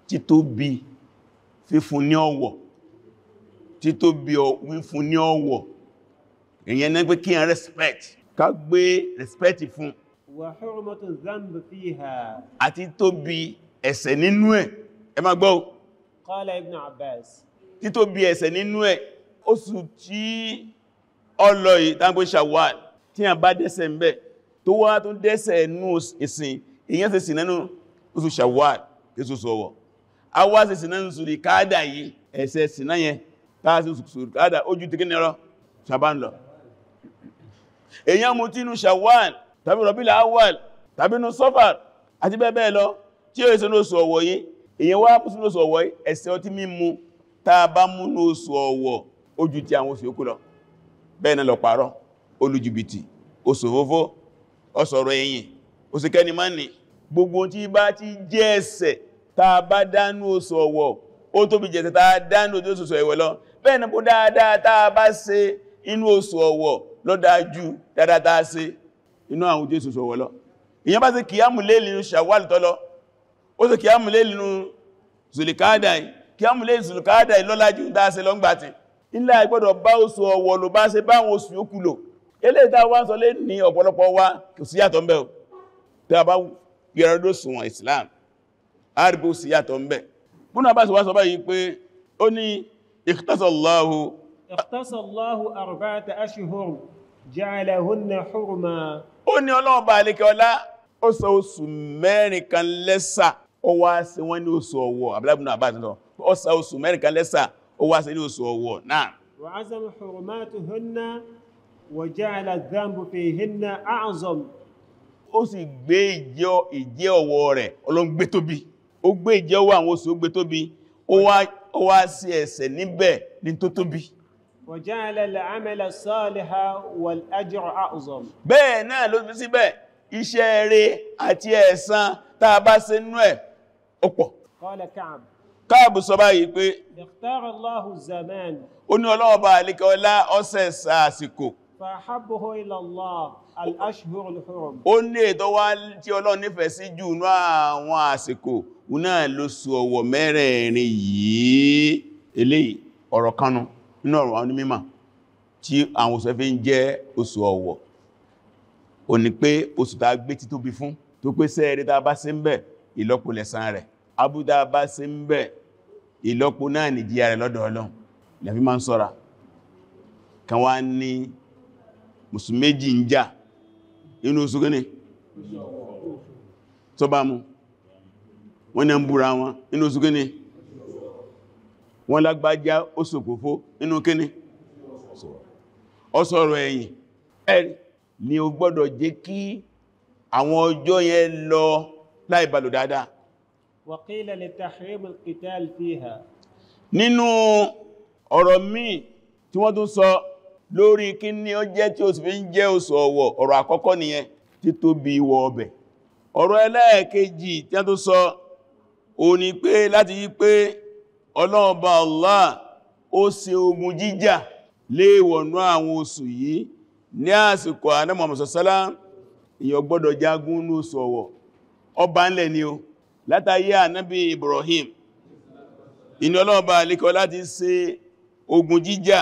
títóbi fífún ní ọ̀wọ̀ títóbi fífún ní ọ̀wọ̀ èyàn náà pé kí respect ká gbé respect fún àti tóbi ẹ̀ṣẹ̀ nínú ẹ̀ ẹ má gbọ́ qala ibn abbas títóbi ẹ̀ṣẹ̀ nínú ẹ̀ oṣù tí ọlọ ìtàgbé Ṣawwal tí a bá dẹ́ṣẹ̀ ń bẹ̀ tó wá tó dẹ́ṣẹ̀ ẹnu ìsìn èyàn ṣe sì nínú oṣù Ṣawwal kéṣù sọ̀wọ̀ a wá ṣe sì nínú sùrì káàdà yìí ẹ̀ṣẹ̀ sì náà yẹn táàṣì sùrì káàdà ojú ti kínirọ Ṣàbán lọ èyàn mú tínú Ṣawwal tàbí Rọ̀bílà Awwal tàbí nú tá a bá múnú oṣù ọ̀wọ̀ ojú ti àwọn oṣù yókù lọ bẹ́ẹ̀ náà lọ pàárọ̀ olùjìbìtì oṣòfófó ọ̀sọ̀rọ̀ ẹ̀yìn oṣìkẹ́ni má ní gbogbo tí bá ti jẹ́ ẹ̀ṣẹ̀ tá a bá dánú oṣù ọ̀wọ̀ ó tóbi jẹ́ṣẹ̀ tá a dánú oṣù ẹ̀wẹ̀ lọ bẹ́ẹ̀ náà bó dáadáa tá a bá ṣe inú oṣù ọ̀wọ̀ lọ kí á mú lè zùlùkádà ìlọ́lájú dáṣe lọ́ngbàtí ilá ìgbọ́dọ̀ bá oṣù ọ̀wọ̀ ló bá ṣe bá àwọn oṣù yókù lò eléyìí tá wá ń sọ lé ní ọ̀pọ̀lọpọ̀ wa kò sí yàtọ̀ ńbẹ̀ tí a bá yẹ̀rọdó sùnwọ̀n Islam arìbó sí yàtọ̀ ńbẹ̀ múnà bá sì wá sọ báyìí pé ó ní ikhtasallahu ikhtasallahu arba'ata ashhur ja'alahunna wá sí wọ́n ní oṣù ọ̀wọ̀ abúlábùnà àbájọ́ ọsà oṣù mẹ́rin kan lẹ́sà ó wá sí ní oṣù ọ̀wọ̀ náà wa azama hurumatuhunna wa ja'ala dhanbu fihinna a'zam ó sì gbé ìjẹ́ ọ̀wọ̀ rẹ̀ ọlọ́gbé tóbi ó gbé ìjẹ́ ọwọ́ àwọn oṣù ó tóbi ó wá sí ẹ̀ṣẹ̀ níbẹ̀ ní tó tóbi bẹ́ẹ̀ náà ló fi síbẹ̀ iṣẹ́ rere àti ẹ̀san tá a ẹ̀ ọ̀pọ̀ qala Ka'b táàbù sọ báyìí pé ikhtar Allahu zaman ó ní ọlọ́ọ̀bá àlíkẹ́ ọlá ọ́sẹ̀ sàásìkò fàábùhó ila Allah al-ashhur al-hurum ó ní ètò wá tí Ọlọ́run nífẹ̀ẹ́ sí jù ní àwọn àsìkò náà ló sọ ọ̀wọ̀ mẹ́rẹ̀ẹ̀rin yìí eléyìí ọ̀rọ̀ kanu nínú ọ̀rọ̀ àwọn onímọ̀ tí àwọn òṣèrè fi ń jẹ́ oṣù ọ̀wọ̀ ò ní pé oṣù tá gbé títóbi fún tó pé sẹ́ẹ̀rẹ́ bá ṣe ń bẹ̀ ìlọ́pùlẹ̀sán rẹ̀ abúdá bá ṣe ń bẹ̀ ìlọ́po náà ni jíyà rẹ̀ lọ́dọ̀ ọlọ́run lẹ́fí máa ń sọ́ra kan wá ní mùsùlùmí méjì ń jà inú oṣù gíní tó bá mú wọ́n ní ń búra wọn inú oṣù gíní wọ́n lágbájá oṣù òfófó inú kíní ọsọ̀rọ̀ ẹ̀yìn ẹ̀rí ni o gbọ́dọ̀ jẹ́ kí àwọn ọjọ́ yẹn lọ láìbalò dáadáa wàkílẹ̀ lè tàhírìbù kìtàl ha. nínú ọ̀rọ̀ míì tí wọ́n tún sọ lórí kí ní ó jẹ́ tí ó sì fi ń jẹ́ oṣù ọ̀wọ̀ ọ̀rọ̀ àkọ́kọ́ nìyẹn títóbi ìwọ̀ ọbẹ̀ ọ̀rọ̀ ẹlẹ́ẹ̀kejì tí wọ́n tún sọ ó ní pé láti yí pé ọlọ́ọ̀bá Allah ó ogun àwọn yìí ní àsìkò látàyé ànábì Ibrahim inú ọlọ́ọ̀bá alékọ́ láti ṣe ogun jíjà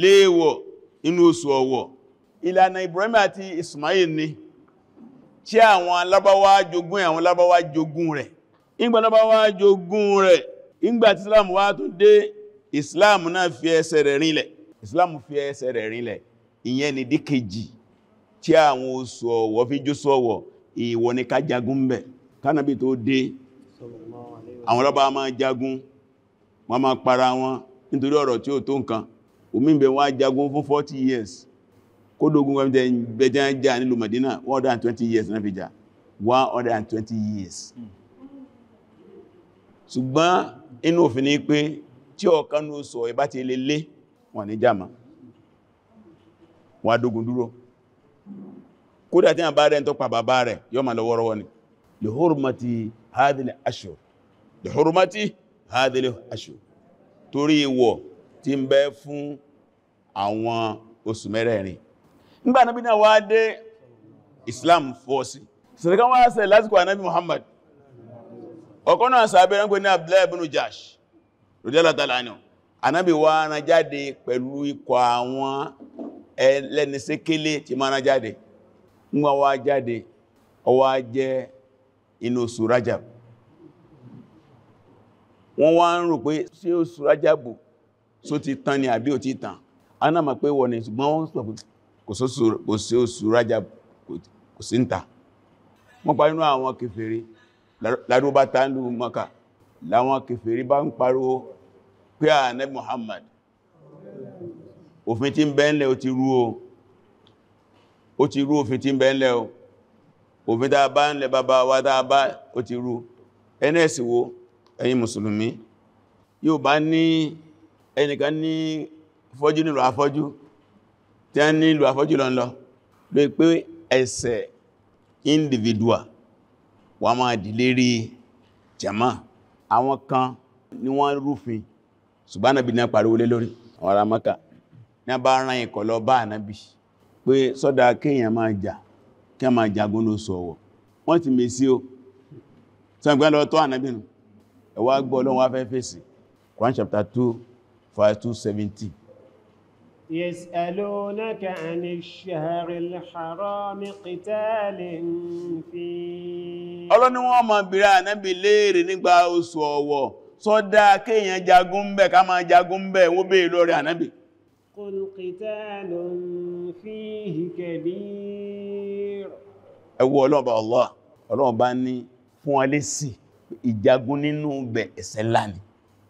léèwọ̀ inú oṣù ọ̀wọ̀ ìlànà Ibrahim àti Ismail ni tí àwọn alábáwá jogún àwọn alábáwá jogún rẹ̀ ìgbà alábáwá jogún rẹ̀ ìgbà tí Islam wá tún dé Islam náà fi ẹsẹ̀ rẹ̀ rinlẹ̀ Islam fi ẹsẹ̀ rẹ̀ rinlẹ̀ ìyẹn ni díkejì tí àwọn oṣù ọ̀wọ̀ fi jó sọ́wọ̀ ìwọ̀ ni ká jagun bẹ̀ẹ́ kánàbí tó dé àwọn ọlọ́ba a máa jagun wọ́n máa para wọn nítorí ọ̀rọ̀ tí ó tó nǹkan omi ń bẹ wọ́n jagun fún 40 years kó dógún gbẹ̀jẹ́ jà nílùú Madina 120 years náà fi jà 120 years ṣùgbọ́n inú òfin ní pé tí ọ̀kanú sọ ìbá ti lè lé wọn ní jàmà wọ́n á dógún dúró kódà tí a bá rẹ̀ ń tọ́pa bàbá rẹ̀ yọ́ ma lọ wọ́rọ́wọ́ ni lihurmati hadhihi ashur lihurmati torí ìwọ̀ tí ń fún àwọn oṣù mẹ́rẹ̀ẹ̀rin nígbà náà bí náà wá dé islam fọ́sí sọ̀rọ̀kan wá sẹ̀ lásìkò muhammad ọkọ̀ náà sàbẹ̀ rán ní abdullahi ibn jash radiyallahu ta'ala jáde pẹ̀lú ikọ̀ àwọn jáde inú oṣù Rajab wọ́n wá ń rò pé ṣé oṣù só ti tán ni àbí ò ti tán a náà mọ̀ pé wọ́n ni ṣùgbọ́n wọ́n sọ kò sí oṣù Rajab kò sí ń ta wọ́n pa inú àwọn láwọn bá ń pariwo pé Muhammad òfin tí ń bẹ́ńlẹ̀ ó ti rú òfin tá a bá ń lẹ bàbá wa tá a bá ó ti rú ns wo ẹ̀yin mùsùlùmí yóò bá ní ẹnìkan ní fọ́jú nílò afọ́jú tí a nílò afọ́jú lọ lọ ló pé ẹsẹ̀ individual wà máa dìlérí jama àwọn kan ni wọ́n rúfin ṣùgbọ́n Ànábì ní pariwo lé lórí àwọn ará ní a bá rán ikọ̀ bá Ànábì pé sọ́dá kéèyàn máa jà kí a máa jagun ló sọ ọ̀wọ̀ wọ́n ti mèsí o sọ́gbẹ́ lọ tọ́ ànábìnú ẹwà gbọ́ lọ́wọ́ afẹ́ fèsì Quran chapter 2 verse 270 yẹ̀sẹ̀lónáka àni ṣàrìl qitalin fi ọlọ́ni wọ́n máa bèèrè ànábì léèrè nígbà oṣù ọ̀wọ̀ sọ́dá kéèyàn jagun ń bẹ̀ ká máa jagun ń bẹ̀ wọ́n bèèrè lórí ànábì qul qitalun fihi kabir ẹwú ọlọ́ọ̀bá Allah ọlọ́ọ̀bá ní fún alẹ́sì ìjagun nínú bẹ̀ ẹ̀ṣẹ̀ ńlá ni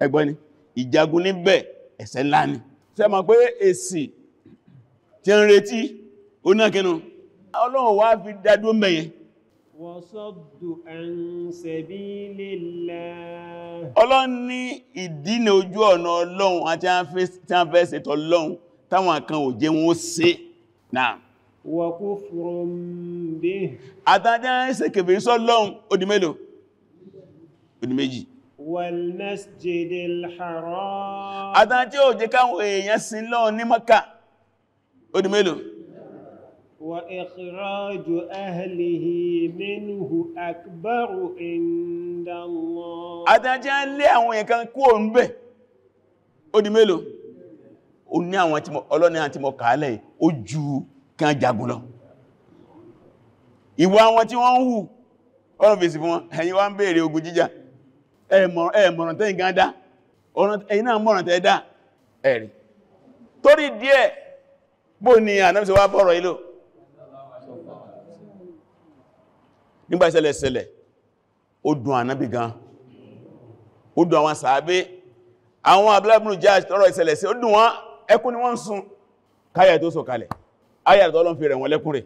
ẹgbọ́n ni ìjagun níbẹ̀ ẹ̀ṣẹ̀ ńlá ni ṣe mọ̀ pé èsì tí ń retí onákinu ọlọ́run wá fi dádó mẹ́yẹn wọ́sọ́dù ẹ̀nsẹ̀bílélàá ọlọ́run ní ìdínà ojú ọ̀nà ọlọ́run àti àfẹ́sẹ̀tọ̀ ọlọ́run wa kufrun bihi àtàdá ẹsẹ̀ kèfèrí sọ́lọ́un odi mélòó odi méjì wal masjidil haram àtàdá tí ó jẹ́ káwọn èèyàn sin lọ́un ní Mákà odi mélòó wa ikhraju ahlihi minhu akbaru inda kan jagun lọ ìwà wọn tí wọ́n ń hù ọ̀rọ̀ fèsì fún wọn ẹ̀yin wá ń bèèrè ogun jíjà ẹ̀mọ̀ràn tẹ́yìn gan dá ẹ̀yin náà mọ̀ràn tẹ́ dá ẹ̀rì torí díẹ̀ bó ni ànábì ṣe wá bọ́rọ̀ ilò nígbà ìṣẹ̀lẹ̀ṣẹlẹ̀ ó dùn ànábì gan ó dùn àwọn sàábé àwọn abúlábùnú jáàjì tọ́rọ ìṣẹ̀lẹ̀ ó dùn wọn ẹkún ni wọ́n ń sun káyà tó sọ̀kalẹ̀ so ayà tó lọ́n fi rẹ̀ wọn lẹ́kún rẹ̀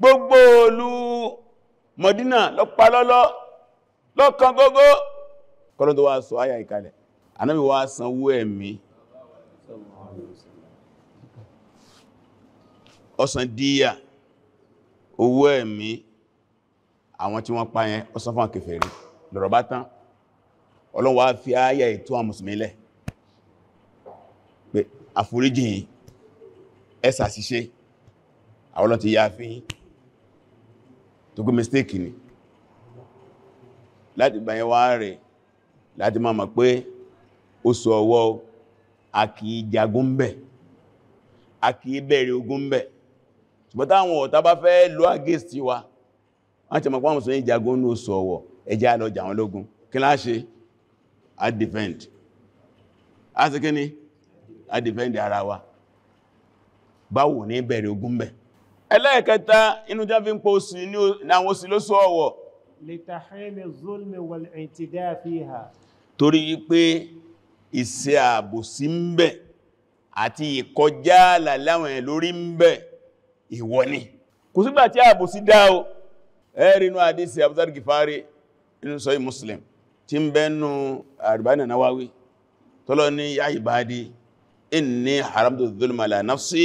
gbogbo olú Mọ̀dínà lọ́pàlọ́lọ́ lọ́kàn gógó kọlọ́n tó wá sọ ayà ìkalẹ̀ anábi wá sanwó ẹ̀mí ọsàn díyà owó ẹ̀mí àwọn tí wọ́n pààyàn ọsán fún àkẹfẹ̀ẹ́rí lọ́rọ̀ bá tán Ọlọ́run wá fi ayà ètò àwọn mùsùlùmí lẹ̀ pé àforíjìn yìí ẹsà ṣiṣẹ́ àwọn ọlọ́n ti yá fi yí tó gbé mistake ni láti gbà yẹn wá rẹ̀ láti máa mọ̀ pé ó sọ ọwọ́ a kìí jagun bẹ̀ a kìí bẹ̀rẹ̀ ogun bẹ̀ ṣùgbọ́n táwọn ọ̀tá bá fẹ́ lọ against wa wọ́n ti mọ̀ pé jagun ní oṣù ọwọ́ ẹjẹ́ alọ́jà àwọn ológun kí la ṣe a defend a sì kí ni a defend ara wa báwo ní bẹ̀rẹ̀ ogun bẹ̀ ẹlẹ́ẹ̀kẹta inú jáfí ń pọ̀ sí ní àwọn òsì ló sọ ọ̀wọ̀ torí pé ìṣẹ́ àbòsí ń bẹ̀ àti ìkọjá làláwọn ẹ̀ lórí ń bẹ̀ ìwọ ni kò sígbà tí àbòsí dá o ẹ̀rìnú àdísì Abdul Gifari inú sọ́yí Muslim tí ń bẹ́nu àrìbáyìnà náwáwí tọ́lọ ní yá ìbádi inni haramtu dhulma la nafsi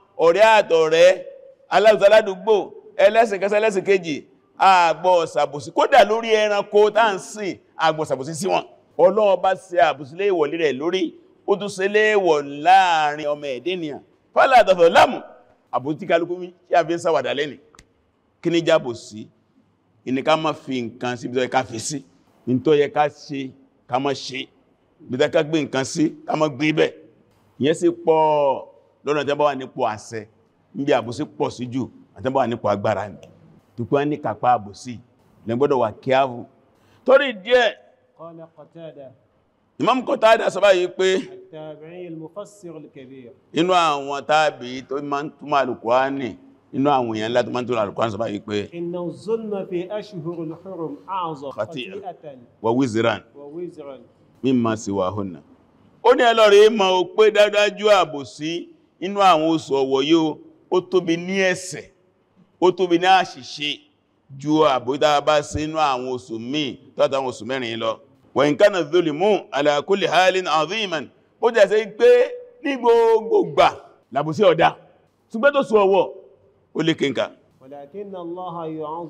ọ̀rẹ́ àtọ̀rẹ́ aládùúgbò ẹlẹ́sìn kẹsẹ̀ ẹlẹ́sìn kejì àgbọ̀ ṣàbòsí kódà lórí ẹranko táǹsìn àgbọ̀ ṣàbòsí sí wọn Ọlọ́run bá ṣe àbòsí léèwọ̀ lérẹ̀ lórí ó tún ṣe léèwọ̀ láàrin ọmọ ẹ̀dẹ́nìyàn fọ́lá àtọ̀tọ̀ lámù àbòtí kálukú tí a fi ń sáwàdà lẹ́nì kí ní jábò sí ìní ká má fi nǹkan sí bíta ká fi sí ní tó yẹ ká ṣe lọ́nà tẹ́bá wà nípò àṣẹ níbi àbòsí pọ̀ sí jù àtẹ́bá wà nípò agbára ní tó pẹ́ ní kàpá àbòsí lẹ́gbọ́dọ̀ wà kíáàvù torí díẹ̀ Imam Qatada sọ báyìí pé inú àwọn tàbí tó máa ń túmọ̀ Al-Qur'ani inú àwọn èèyàn ńlá tó ń túmọ̀ al sọ báyìí pé inna zulma fi ashhuril hurum a'zam khati'atan ó ní ẹlọ́rẹ̀ mọ̀ ó pé dájú àbòsí inú àwọn oṣù ọ̀wọ̀ yóò ó tóbi ní ẹ̀ṣẹ̀ ó tóbi ní àṣìṣe ju àbúdá bá sí inú àwọn oṣù míì tọ́ta àwọn oṣù mẹ́rin lọ wa in kana dhulimu ala kulli halin aziman ó jẹ́ sí pé ní gbogbogbà làbùsí ọ̀dá ṣùgbọ́n tó sọ ọwọ́ ó lè kínkà walakinna Allaha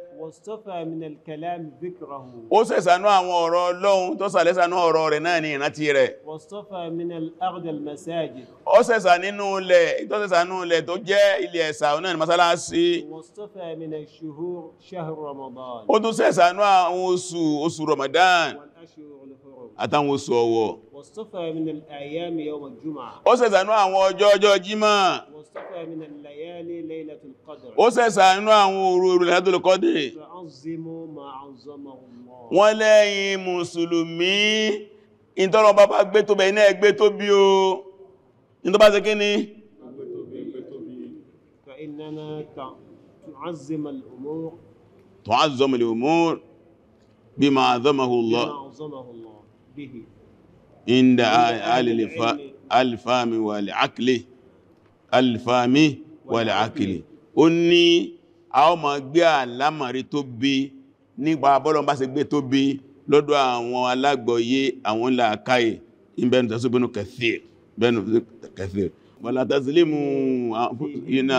ó sẹ̀sánú àwọn ọ̀rọ̀ Ọlọ́run tó sàlẹ́sánú ọ̀rọ̀ rẹ̀ náà ní ìrántí rẹ̀ ó sẹ̀sá ilẹ̀ tó sẹ̀sánú ilẹ̀ tó jẹ́ ilẹ̀ ẹ̀sà náà ní masálásí ó tún sẹ̀sánú àwọn oṣù oṣù Ramadan àtàwọn oṣù ọwọ̀ ó sẹ̀sànú àwọn ọjọ́ ọjọ́ jímọ̀ ó sẹ̀sànú àwọn òru òru Laylatul Qadr wọ́n lẹ́yìn mùsùlùmí ìtọ́rọ bàbá gbé tó bẹ̀ iná ẹgbẹ́ tó bí o ní tó bá ṣe kí ni tu'azzim al-umur bima inda alifami wà lè ákìlì alifami wà lè ákìlì ó ní a ó ma gbé àlámàrí tó bí nípa bọ́lọ̀ bá ṣe gbé tó bí lọ́dọ̀ àwọn alágbọ̀yé àwọn làákàyè ìbẹ̀nù tàṣíbẹ̀nù kẹfẹ́ bẹ̀nù kẹfẹ́ wala tazlimu yína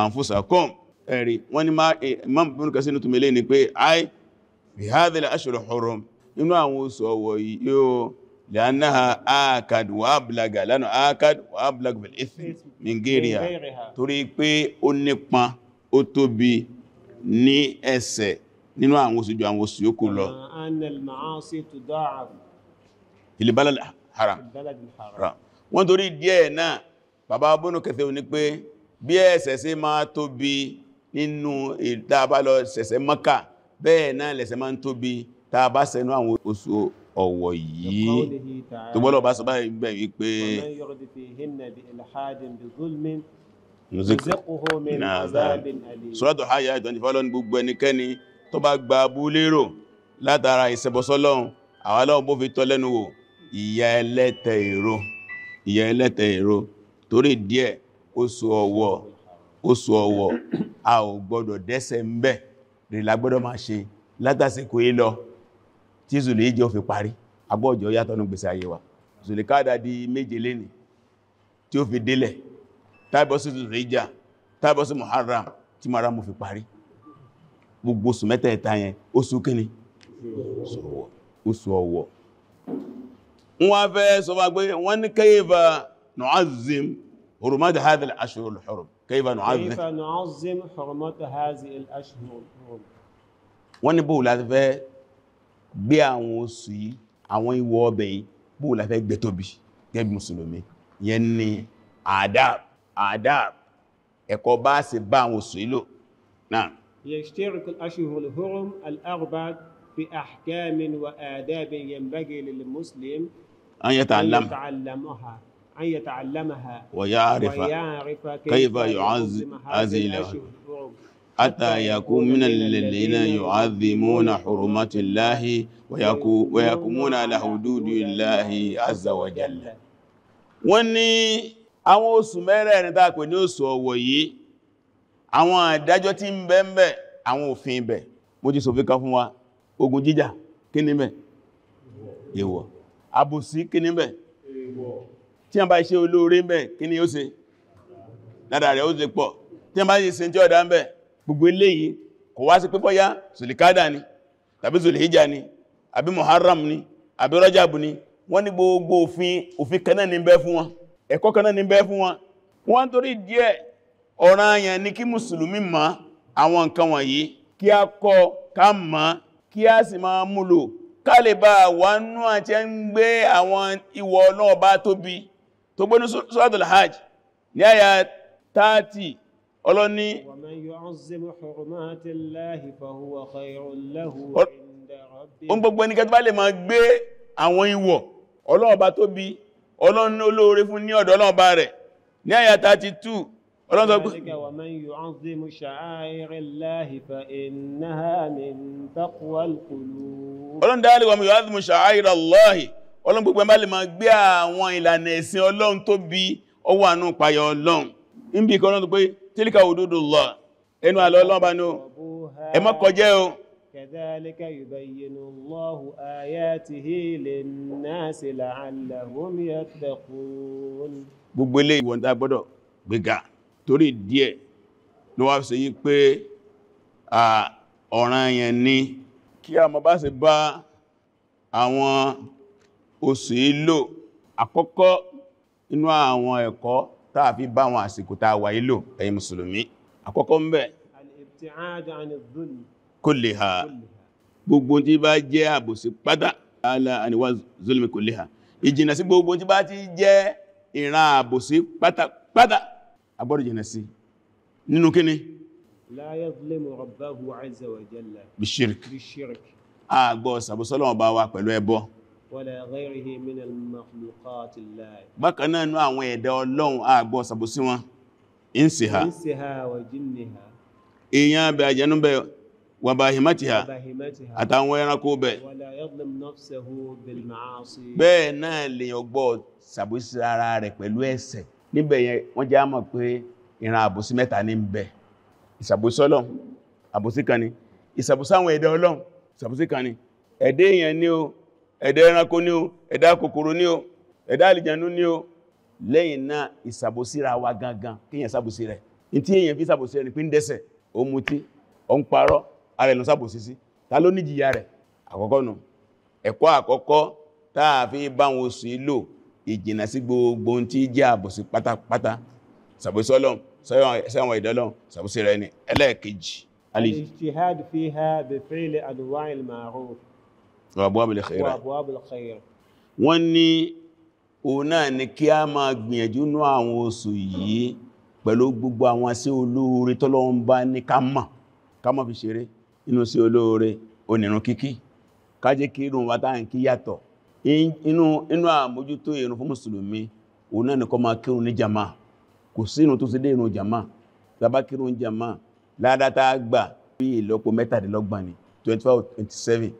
àǹfúsàkùn ẹ̀rí wọ́n ni máa mọ́ inú àwọn oṣù ọ̀wọ̀ yìí o lẹ́anáà ákàdù wà ábìlàgà lánà ákàdù wà ábìlàgà bil ithmi min ghairiha torí pé ó nípa ó tóbi ní ẹ̀ṣẹ̀ nínú àwọn oṣù ju àwọn oṣù yòókù lọ ìlìbálà haram wọ́n torí díẹ̀ náà bàbá abúnú kẹfẹ́ ò ní pé bí ẹ̀ṣẹ̀ sí máa tóbi nínú ìdábálọ̀ ṣẹ̀ṣẹ̀ Mákà bẹ́ẹ̀ náà lẹ̀ṣẹ̀ máa tóbi tàà bá sẹnu àwọn oṣù ọ̀wọ̀ yìí tó gbọ́lọ̀ bá sọ bá ìgbẹ̀ wípé Suratul Hayya ìdánifọ́lọ́ ní gbogbo ẹnikẹ́ni tó bá gba abú lérò látara ìṣẹbọsọ́lọ́run àwálọ́wọ́ bó fi tọ́ lẹ́nu wò ìyà la gbọ́dọ̀ máa ṣe látàsíkò yìí tí zùlé jẹ́ ó fi parí agbọ́jọ́ yàtọ̀ ní gbèsè ayé wa zùlé káàdà di méje léni tí ó fi délẹ̀ tábọ́sí zùlé jà tábọ́sí muharram tí mara mú fi parí gbogbo oṣù mẹ́tẹ̀ẹ̀ta yẹn oṣù kíni oṣù ọ̀wọ̀ wọ́n fẹ́ sọ bá gbé wọ́n ní kayfa nu'azzim hurumat hadha al hurum kayfa nu'azzim hurumat hadha al hurum wọ́n ní bóòlá fẹ́ gbé àwọn oṣù yìí àwọn ìwọ ọbẹ̀ yìí bó la fẹ́ gbé tóbi gẹ́bí mùsùlùmí yẹn ni adab adab ẹ̀kọ́ bá ṣe bá àwọn oṣù yìí lò náà يشترك الأشهر الحرم الأربعة في أحكام وآداب ينبغي للمسلم أن يتعلم يتعلمها أن يتعلمها ويعرف, ويعرف كيف, كيف يعزم هذه الأشهر حتى يكون من الذين يعظمون حرمات الله ويقومون على حدود الله عز وجل wọ́n ní àwọn oṣù mẹ́rẹ̀ẹ̀rin tá pè ní oṣù ọ̀wọ̀ yìí àwọn àdájọ́ tí ń bẹ ń bẹ àwọn òfin ibẹ̀ mo ti sòfin kan fún wa ogun jíjà kí ni bẹ̀ gbogbo eléyìí kò wá sí pé bọ́yá zulikada ni tàbí zulhijja ni àbí muharram ni àbí rajab ni wọ́n ní gbogbo òfin òfin kanáà ní bẹ́ fún wọn ẹ̀kọ́ kanáà ní bẹ́ fún wọn wọ́n torí díẹ̀ anya ni kí mùsùlùmí ma. àwọn nǹkan wọ̀nyí kí a kọ́ ká ma. kí a sì máa múlò ká lè bá àti ń gbé àwọn ìwọ̀ hajj ní àyà ọlọ́ni o ń gbogbo ẹni kẹta bá lè máa gbé àwọn ìwọ̀ ọlọ́ọ̀bá tó bí ọlọ́ni olóore fún ní ọ̀dọ̀ ọlọ́ọ̀bá rẹ̀ ní àyà 32 ọlọ́ọ̀bá ọlọ́n gbogbo ẹmbá lè máa gbé àwọn ìlànà ẹ̀sìn ọlọ́run tó bí ọwọ́ àánú payọ ọlọ́run ń bí kọ́ ọlọ́run tó pé tilka hududullah ẹnu àlọ́ ní o ẹ má kọjẹ́ o كذلك يبين الله آياته للناس لعلهم يتقون gbogbo ilé ìwọ̀n tá gbọ́dọ̀ gbígà torí díẹ̀ ló wá sí pé ọ̀ràn yẹn a mọ̀ bá ṣe bá àwọn oṣù ìlò àkọ́kọ́ inú àwọn ẹ̀kọ́ táà fi bá wọn àsìkò táà wà ìlò ẹ̀yin mùsùlùmí àkọ́kọ́ ń bẹ kulliha gbogbo tí bá jẹ́ àbòsí pátá ala àníwá zulmi kulliha ìjìnà sí gbogbo tí bá ti jẹ́ ìran àbòsí pátápátá a gbọ́dọ̀ jìnà sí nínú kíni la yazlimu rabbahu wala ghayrihi min al-makhluqatillah bákan náà nú àwọn ẹ̀dá Ọlọ́run àgbọ́ ṣàbòsí wọn insiha insiha wa jinniha èèyàn bẹ̀ àjẹ́nú bẹ̀ wà bahimatiha àtàwọn ẹranko bẹ̀ bẹ́ẹ̀ náà lè ọgbọ́ ṣàbòsí ara rẹ̀ pẹ̀lú ẹ̀ṣẹ̀ níbẹ̀ yẹn wọ́n jẹ́ àmọ̀ pé ìran àbòsí mẹ́ta ní bẹ̀ ìṣàbòsí Ọlọ́run àbòsí kan ni ìṣàbòsí àwọn ẹ̀dá Ọlọ́run ìṣàbòsí kan ni ẹ̀dá èèyàn ni ó ẹ̀dá ẹranko ni o ẹ̀dá kòkòrò ni o ẹ̀dá àlìjànú ni o lẹ́yìn náà ìsàbòsíra wa gangan kíyàn sàbòsí rẹ̀ tí èyàn fi sàbòsí rẹ̀ ní pín dẹ́sẹ̀ ó mutí o ń parọ́ ara ẹ̀lọ sàbòsí sí ta ló ní jìyà rẹ̀ àkọ́kọ́ nù ẹ̀kọ́ àkọ́kọ́ fi bá wọn oṣù ìlò ìjìnà sí gbogbo tí jẹ́ àbòsí pátápátá sàbòsí ọlọ́run sẹ́wọ̀n sàbòsí rẹ̀ ni ẹlẹ́ẹ̀kejì wọ́n ní òun náà ni kí a máa gbìyànjú ní àwọn oṣù yìí pẹ̀lú gbogbo àwọn sí olóore tọ́lọ́run bá ní ká mọ̀ ká má fi ṣeré inú sí olóore onírun kíkí ká jẹ́ kí irun wa tá ń kí yàtọ̀ inú àmójútó irun fún mùsùlùmí òun náà ni kó máa kírun ní jama kò sí irun tó sí dé irun jama tàbá kírun jama ládátá gbà bí ìlọ́po mẹ́tàdínlọ́gbọ̀n ni 25 27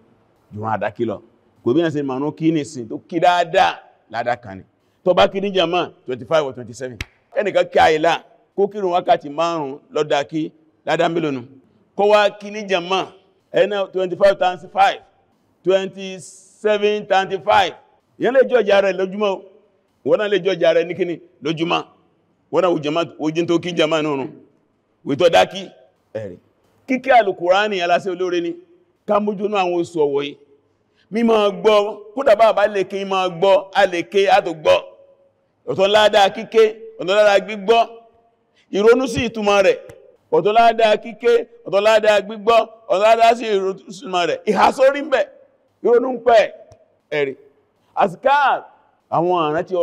jùrán àdákí lọ kò bí ẹ̀sìn ìmọ̀rún kí ní sin tó kí dáadáa ládákan ni tó bá kí ní jama 25 or 27 ẹnìkan kí àìlá kó kírun wákàtí márùn-ún lọ́dá kí ládá mílònù kó wá kí ní jama ẹ̀nà 25 35 27 35 ìyẹn lè jọjà rẹ̀ lójúmọ́ wọ́n náà lè jọjà rẹ̀ ní kíní lójúmọ́ wọ́n náà ojú tó kí jama nínú wìtọ́ dákí kíkí alùkùránì aláṣẹ́ olóore ni ká mójúnú àwọn oṣù ọ̀wọ̀ yìí mímọ̀ gbọ́ kódà bá bá lè ké ìmọ̀ gbọ́ a lè ké àtò gbọ́ ọ̀tọ̀ ládá kíké ọ̀tọ̀ ládá gbígbọ́ ìrònú sí ìtumọ̀ rẹ̀ ọ̀tọ̀ ládá kíké ọ̀tọ̀ ládá gbígbọ́ ọ̀tọ̀ ládá sí ìrònú rẹ̀ ìhásórí mbẹ̀ ìrònú ń pẹ̀ ẹ̀rì azkar àwọn àrántí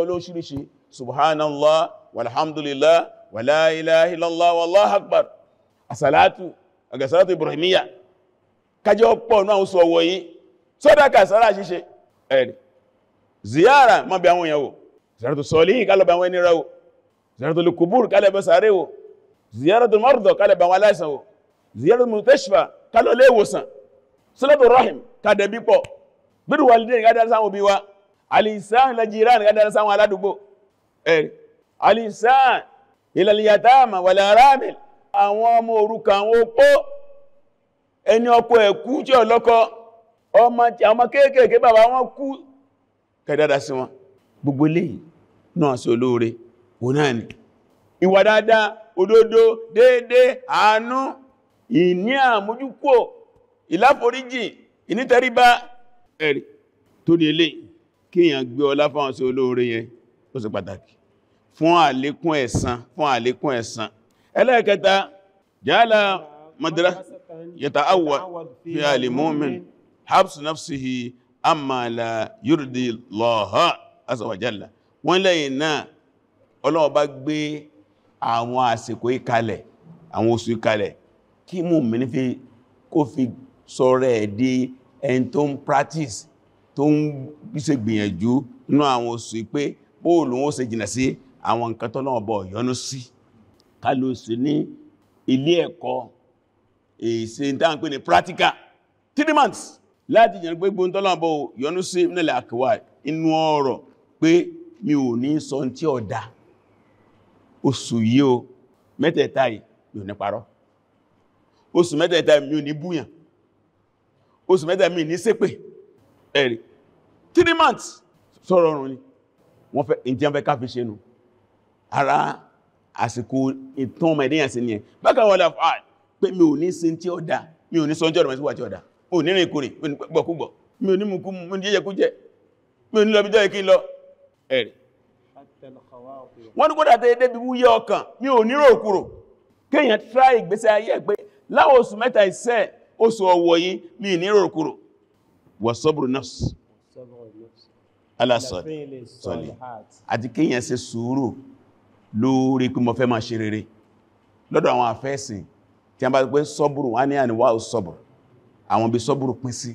kájẹ́ ọpọ̀ náà sọ ọwọ́ yìí sọ́dáka sára ṣíṣe ẹ̀rì ziyara má bí àwọn èèyàn wò ziyaratu solihin kálọ̀bà àwọn ẹni rẹ̀wò ziyaratu lukubur kálẹ̀bà sàárè wò ziyaratu mardọ̀ kálẹ̀bà àwọn aláìsàn wò ziyaratu mutashfa kálọ̀ léwòsàn silatu rahim kádẹ̀bí pọ̀ bíru ẹni ọkọ ẹ̀ kú tí ọlọ́kọ ọmọ kéékèèké bàbá wọn kú kẹdàdà sí wọn gbogbo eléyìí náà sí olóore wọ́n náà ni ìwà dáadáa òdodo déédé àánú ìní àmójúkò ìláforíjì ìnítẹríba ẹ̀rì tó ní eléyìí kíyàn gbé ọlá fáwọn sí olóore yẹn ó ṣe pàtàkì fún àlékún ẹ̀san fún àlékún ẹ̀san ẹlẹ́ẹ̀kẹta jàálà madrasa يتعود فيها لمؤمن حبس نفسه أما لا يرضي الله عز وجل وإن lẹ́yìn náà Ọlọ́run bá gbé àwọn àsìkò ìkalẹ̀ àwọn oṣù ìkalẹ̀ kí mú mẹ́ni fi kó fi sọ́rọ̀ ẹ̀ di ẹni tó ń practice tó ń gbíṣe gbìyànjú nínú àwọn oṣù pé bóòlù wọ́n ṣe jìnà sí àwọn nǹkan tọ́lọ́run bọ̀ yọ́nú sí kálóòsù ní ilé ẹ̀kọ́ èsè ìdáhùn pé ní practical three months láti jẹ́ pé gbóntọ́lọ́bọ̀ yọnú sí nílẹ̀ àkíwà inú ọ̀rọ̀ pé mi ò ní sọ tí ọ̀dá oṣù yìí o mẹ́tẹ̀ẹ̀ta yìí mi ò ní parọ́ oṣù mẹ́tẹ̀ẹ̀ta mi ò ní búyàn oṣù mẹ́tẹ̀ẹ̀ta mi ní ṣépè ẹ̀rì three months sọ̀rọ̀ ọ̀run ni wọ́n fẹ́ ìjẹ́ fẹ́ káfí ṣe nù ara àsìkò ìtàn ọmọ ẹ̀dẹ́yàn sí ni ẹ̀ bákan wọlé àfáà pé mi ò ní sin tí ọ̀dá mi ò ní sọ́njọ́ ọ̀rọ̀ mẹ́síwà tí ọ̀dá mi ò ní rìn kúrì mi ò ní gbọ́kúgbọ̀ mi ò ní mùkú mi ò ní jẹ́jẹ́ kú jẹ mi ò ní lọ bí jẹ́ kí n lọ ẹ̀rì wọ́n ní kódà tẹ́ débi wúyẹ́ ọkàn mi lórí pé mo fẹ́ máa ṣe rere lọ́dọ̀ àwọn afẹ́sìn tí a bá pẹ́ sọ́bùrù wọ́n ní àníwá ò sọ́bùrù àwọn bí sọ́bùrù pín sí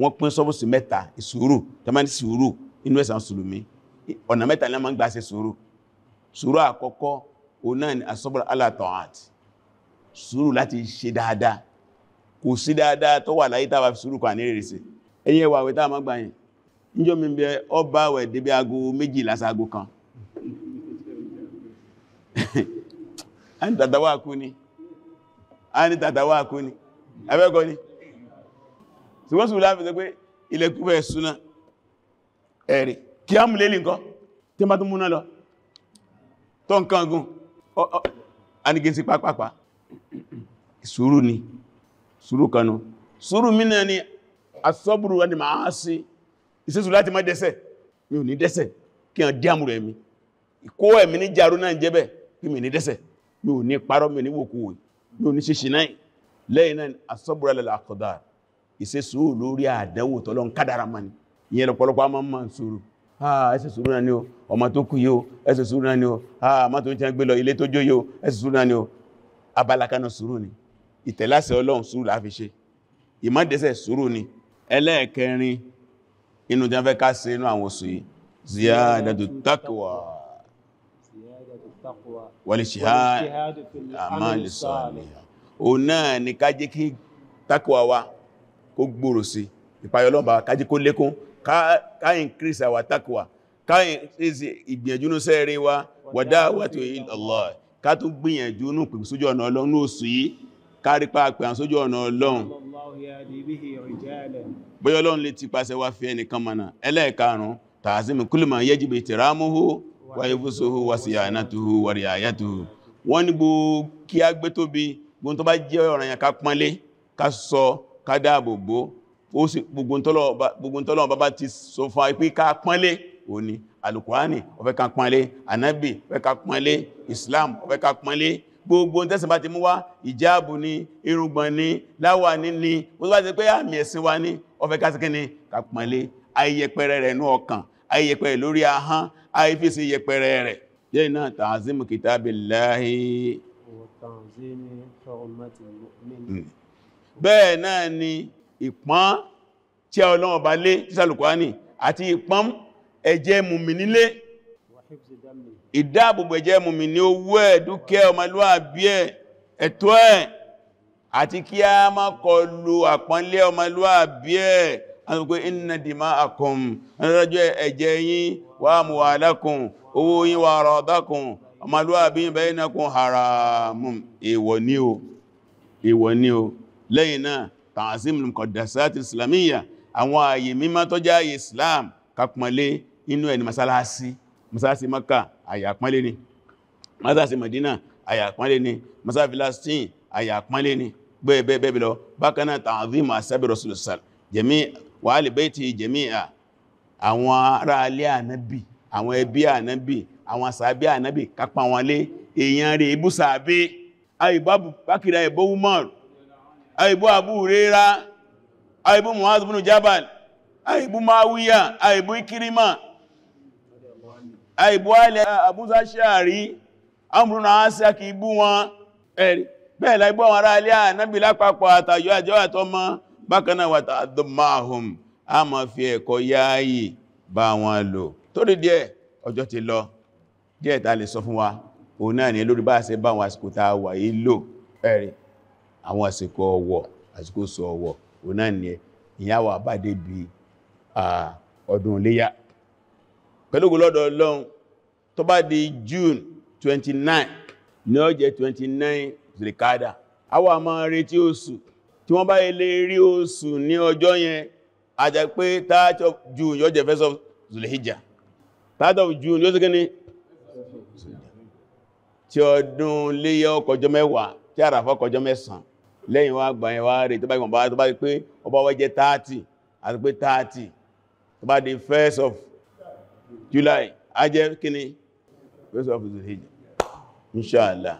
wọ́n pín sọ́bùrù sí mẹ́ta ìsùúrù tó máa ní sùúrù inú ẹ̀sàn sùlùmí ọ̀nà mẹ́ta lẹ́mọ́ ń gbà ṣe sùúrù sùúrù àkọ́kọ́ òun náà ni asọ́bùrù ala ta'at sùúrù láti ṣe dáadáa kò sí dáadáa tó wà láyé tàbí sùúrù kan nírèrè sí ẹ̀yìn ẹwà àwẹ̀ táà má gbà yẹn níjọ́ mi bẹ ọba àwẹ̀ débi aago méjì lásago kan ẹni tàtàwà kú ni a ní tàtàwà kú ni abẹ́kọ́ ni tí wọ́n sùn láàfẹ́ pé ilẹ̀kúfẹ́ súná ẹ̀rì kí á mú lélì nǹkan tí ó bá tún múná lọ tó nǹkan gùn anìgé sí pápápá sùúrù ni sùúrù kanú sùúrù mínà ni asọ́bùrù wani máa sí ìsẹ́sù láti má dẹ́sẹ̀ mi ò ní dẹ́sẹ̀ kí a dí àmúrẹ̀ mi ìkó ẹ̀mí ní jàrú náà jẹ́bẹ̀ kí mi ní dẹ́sẹ̀ mi ò ní parọ́ mi ní wòkúwòí lóní ṣíṣì náà lẹ́yìn náà asọ́bùrà lẹ́lẹ́ àkọ́dá ìṣe sùúrù lórí àdánwò tọ́lọ́n kádàrà mani ìyẹn lọ́pọ̀lọpọ̀ a máa ń sùúrù ẹ náà ni o ọmọ tó kú yóò ẹ ṣe sùúrù náà ni o ọmọ tó ń tẹ́ gbé lọ ilé tó jó yóò ẹ ṣe sùúrù náà ni o abalakanu ziyadatu taqwa wal-ijtihad fil a'mal as-salihah o náà ni ká jẹ́ kí takwa wa kó gbòrò sí ìpayọlọ́mbà ká jẹ́ kó lékún ká increase our takwa ká increase ìgbìyànjú ní sẹ́rẹ̀ wa wa da'watu ila Allah ká tún gbìyànjú ní pẹ̀lú sójú ọ̀nà ọlọ́run ní oṣù yìí kárí pàápẹ̀ àwọn sójú ọ̀nà ọlọ́run bóyọ́ ọlọ́run lè ti pàṣẹ wá fi ẹnìkan mọ̀nà ẹlẹ́ẹ̀karùn-ún tààzí mi kúlùmọ̀ yẹ́jìbì tìrámúhú wáyébúsòhó wàsíyànátòhó wàríyàyàtòhó wọ́n ní bó kí a gbé tóbi gbogbo tó bá jẹ́ ọ̀ranyàn ká pánlé ká sọ ká dáàbòbò gbogbo tọ́lọ̀ bàbá ti sọ fún àìpí ká pánlé òní alùkùránì ó fẹ́ ká pánlé anábì ó ká pánlé islam ó fẹ́ ká pánlé gbogbo tẹ́sìn bá ti mú wá ìjáàbù ní irùngbọ̀n ní láwà ní ní wọ́n bá ti pé àmì ẹ̀sìn wa ní ó fẹ́ ká ayẹpẹrẹ rẹ̀ nú ọkàn ayẹpẹrẹ lórí ahán àìfíṣe yẹpẹrẹ rẹ̀ lẹ́yìn náà ta'zimu kitabillahi hmm. bẹ́ẹ̀ náà ni ìpọ́n tí a ọlọ́wọ̀ bá lé tí sàlùkwáni àti ìpọ́n ẹ̀jẹ́ mùmí nílé ìdáàbòbò ẹ̀jẹ́ mùmí ní owó ẹ̀ dúkẹ́ ọmọlúwàbí ẹ̀ ẹ̀tọ́ ẹ̀ àti kí a má kọlu àpọ́nlé ọmọlúwàbí ẹ̀ alùgbé inna dima'akum ẹjọ́ ẹ̀jẹ̀ yín wa amwalakum owó yín wa aradakum ọmọlúwàbí bainakum haramun èwọ̀ ní o èwọ̀ ní o lẹ́yìn náà ta'zimul muqaddasat islamiyya àwọn ààyè mímọ́ tó jẹ́ ààyè islam kápọ̀lé inú ẹni masalasi masalasi maka àyàpọ̀lé ni masalasi madina lọ bákanáà ta'zim asabi rasulullah jami' wa ali baiti jami'a àwọn ará alé ànábì àwọn ẹbí ànábì àwọn sàábí ànábì kápá wọn lé èèyàn rẹ̀ ibú sàábí àìbú bákìrà ìbó umar àìbú àbú rẹ́ra àìbú mu'adh bin jabal àìbú mawiya àìbú ikirima àìbú alẹ́ àbúzáṣàrí amúrúnà ásíà kì í bú wọn ẹ̀rí bẹ́ẹ̀ láìbú àwọn ará alé ànábì lápapọ̀ àtàyọ àjọ àtọmọ bákan náà wàtà àdọ́máhùn a ma fi ẹ̀kọ́ yááyì bá wọn lò torí díẹ̀ ọjọ́ ti lọ díẹ̀ ta lè sọ fún wa òun náà ni lórí bá ṣe bá wọn àsìkò ta wà yí lò ẹ̀rì àwọn àsìkò ọwọ̀ àsìkò sọ ọwọ̀ òun náà ni ìyáwà bá dé bí ọdún léyá di June 29 ní ọjẹ́ 29 zirikada àwa máa retí oṣù tí wọ́n bá ilé rí oṣù ní ọjọ́ yẹn a pé 3 of June yóò jẹ́ first of Zulhijja. 3 of June yóò síkẹ́ ní tí ọdún léyẹ ọkọjọ́ mẹ́wàá tí àràfà ọkọjọ́ mẹ́sàn lẹ́yìn wá gbà yẹn wá rẹ̀ tó bá gbọ̀n bá tó bá di pé ọba first of July a jẹ́ kíní first of Zulhijjah inshallah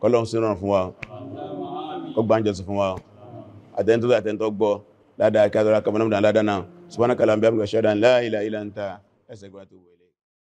kọlọ́run sí rán fún wa ó gbáǹjọ́ sí fún wa àtẹ́ntó àtẹ́ntó gbọ́ ládàá kí a tọ́ra kàmọ́nà dáadáa náà subhanaka allahumma bihamdika ashhadu an la ilaha illa anta astaghfiruka wa atubu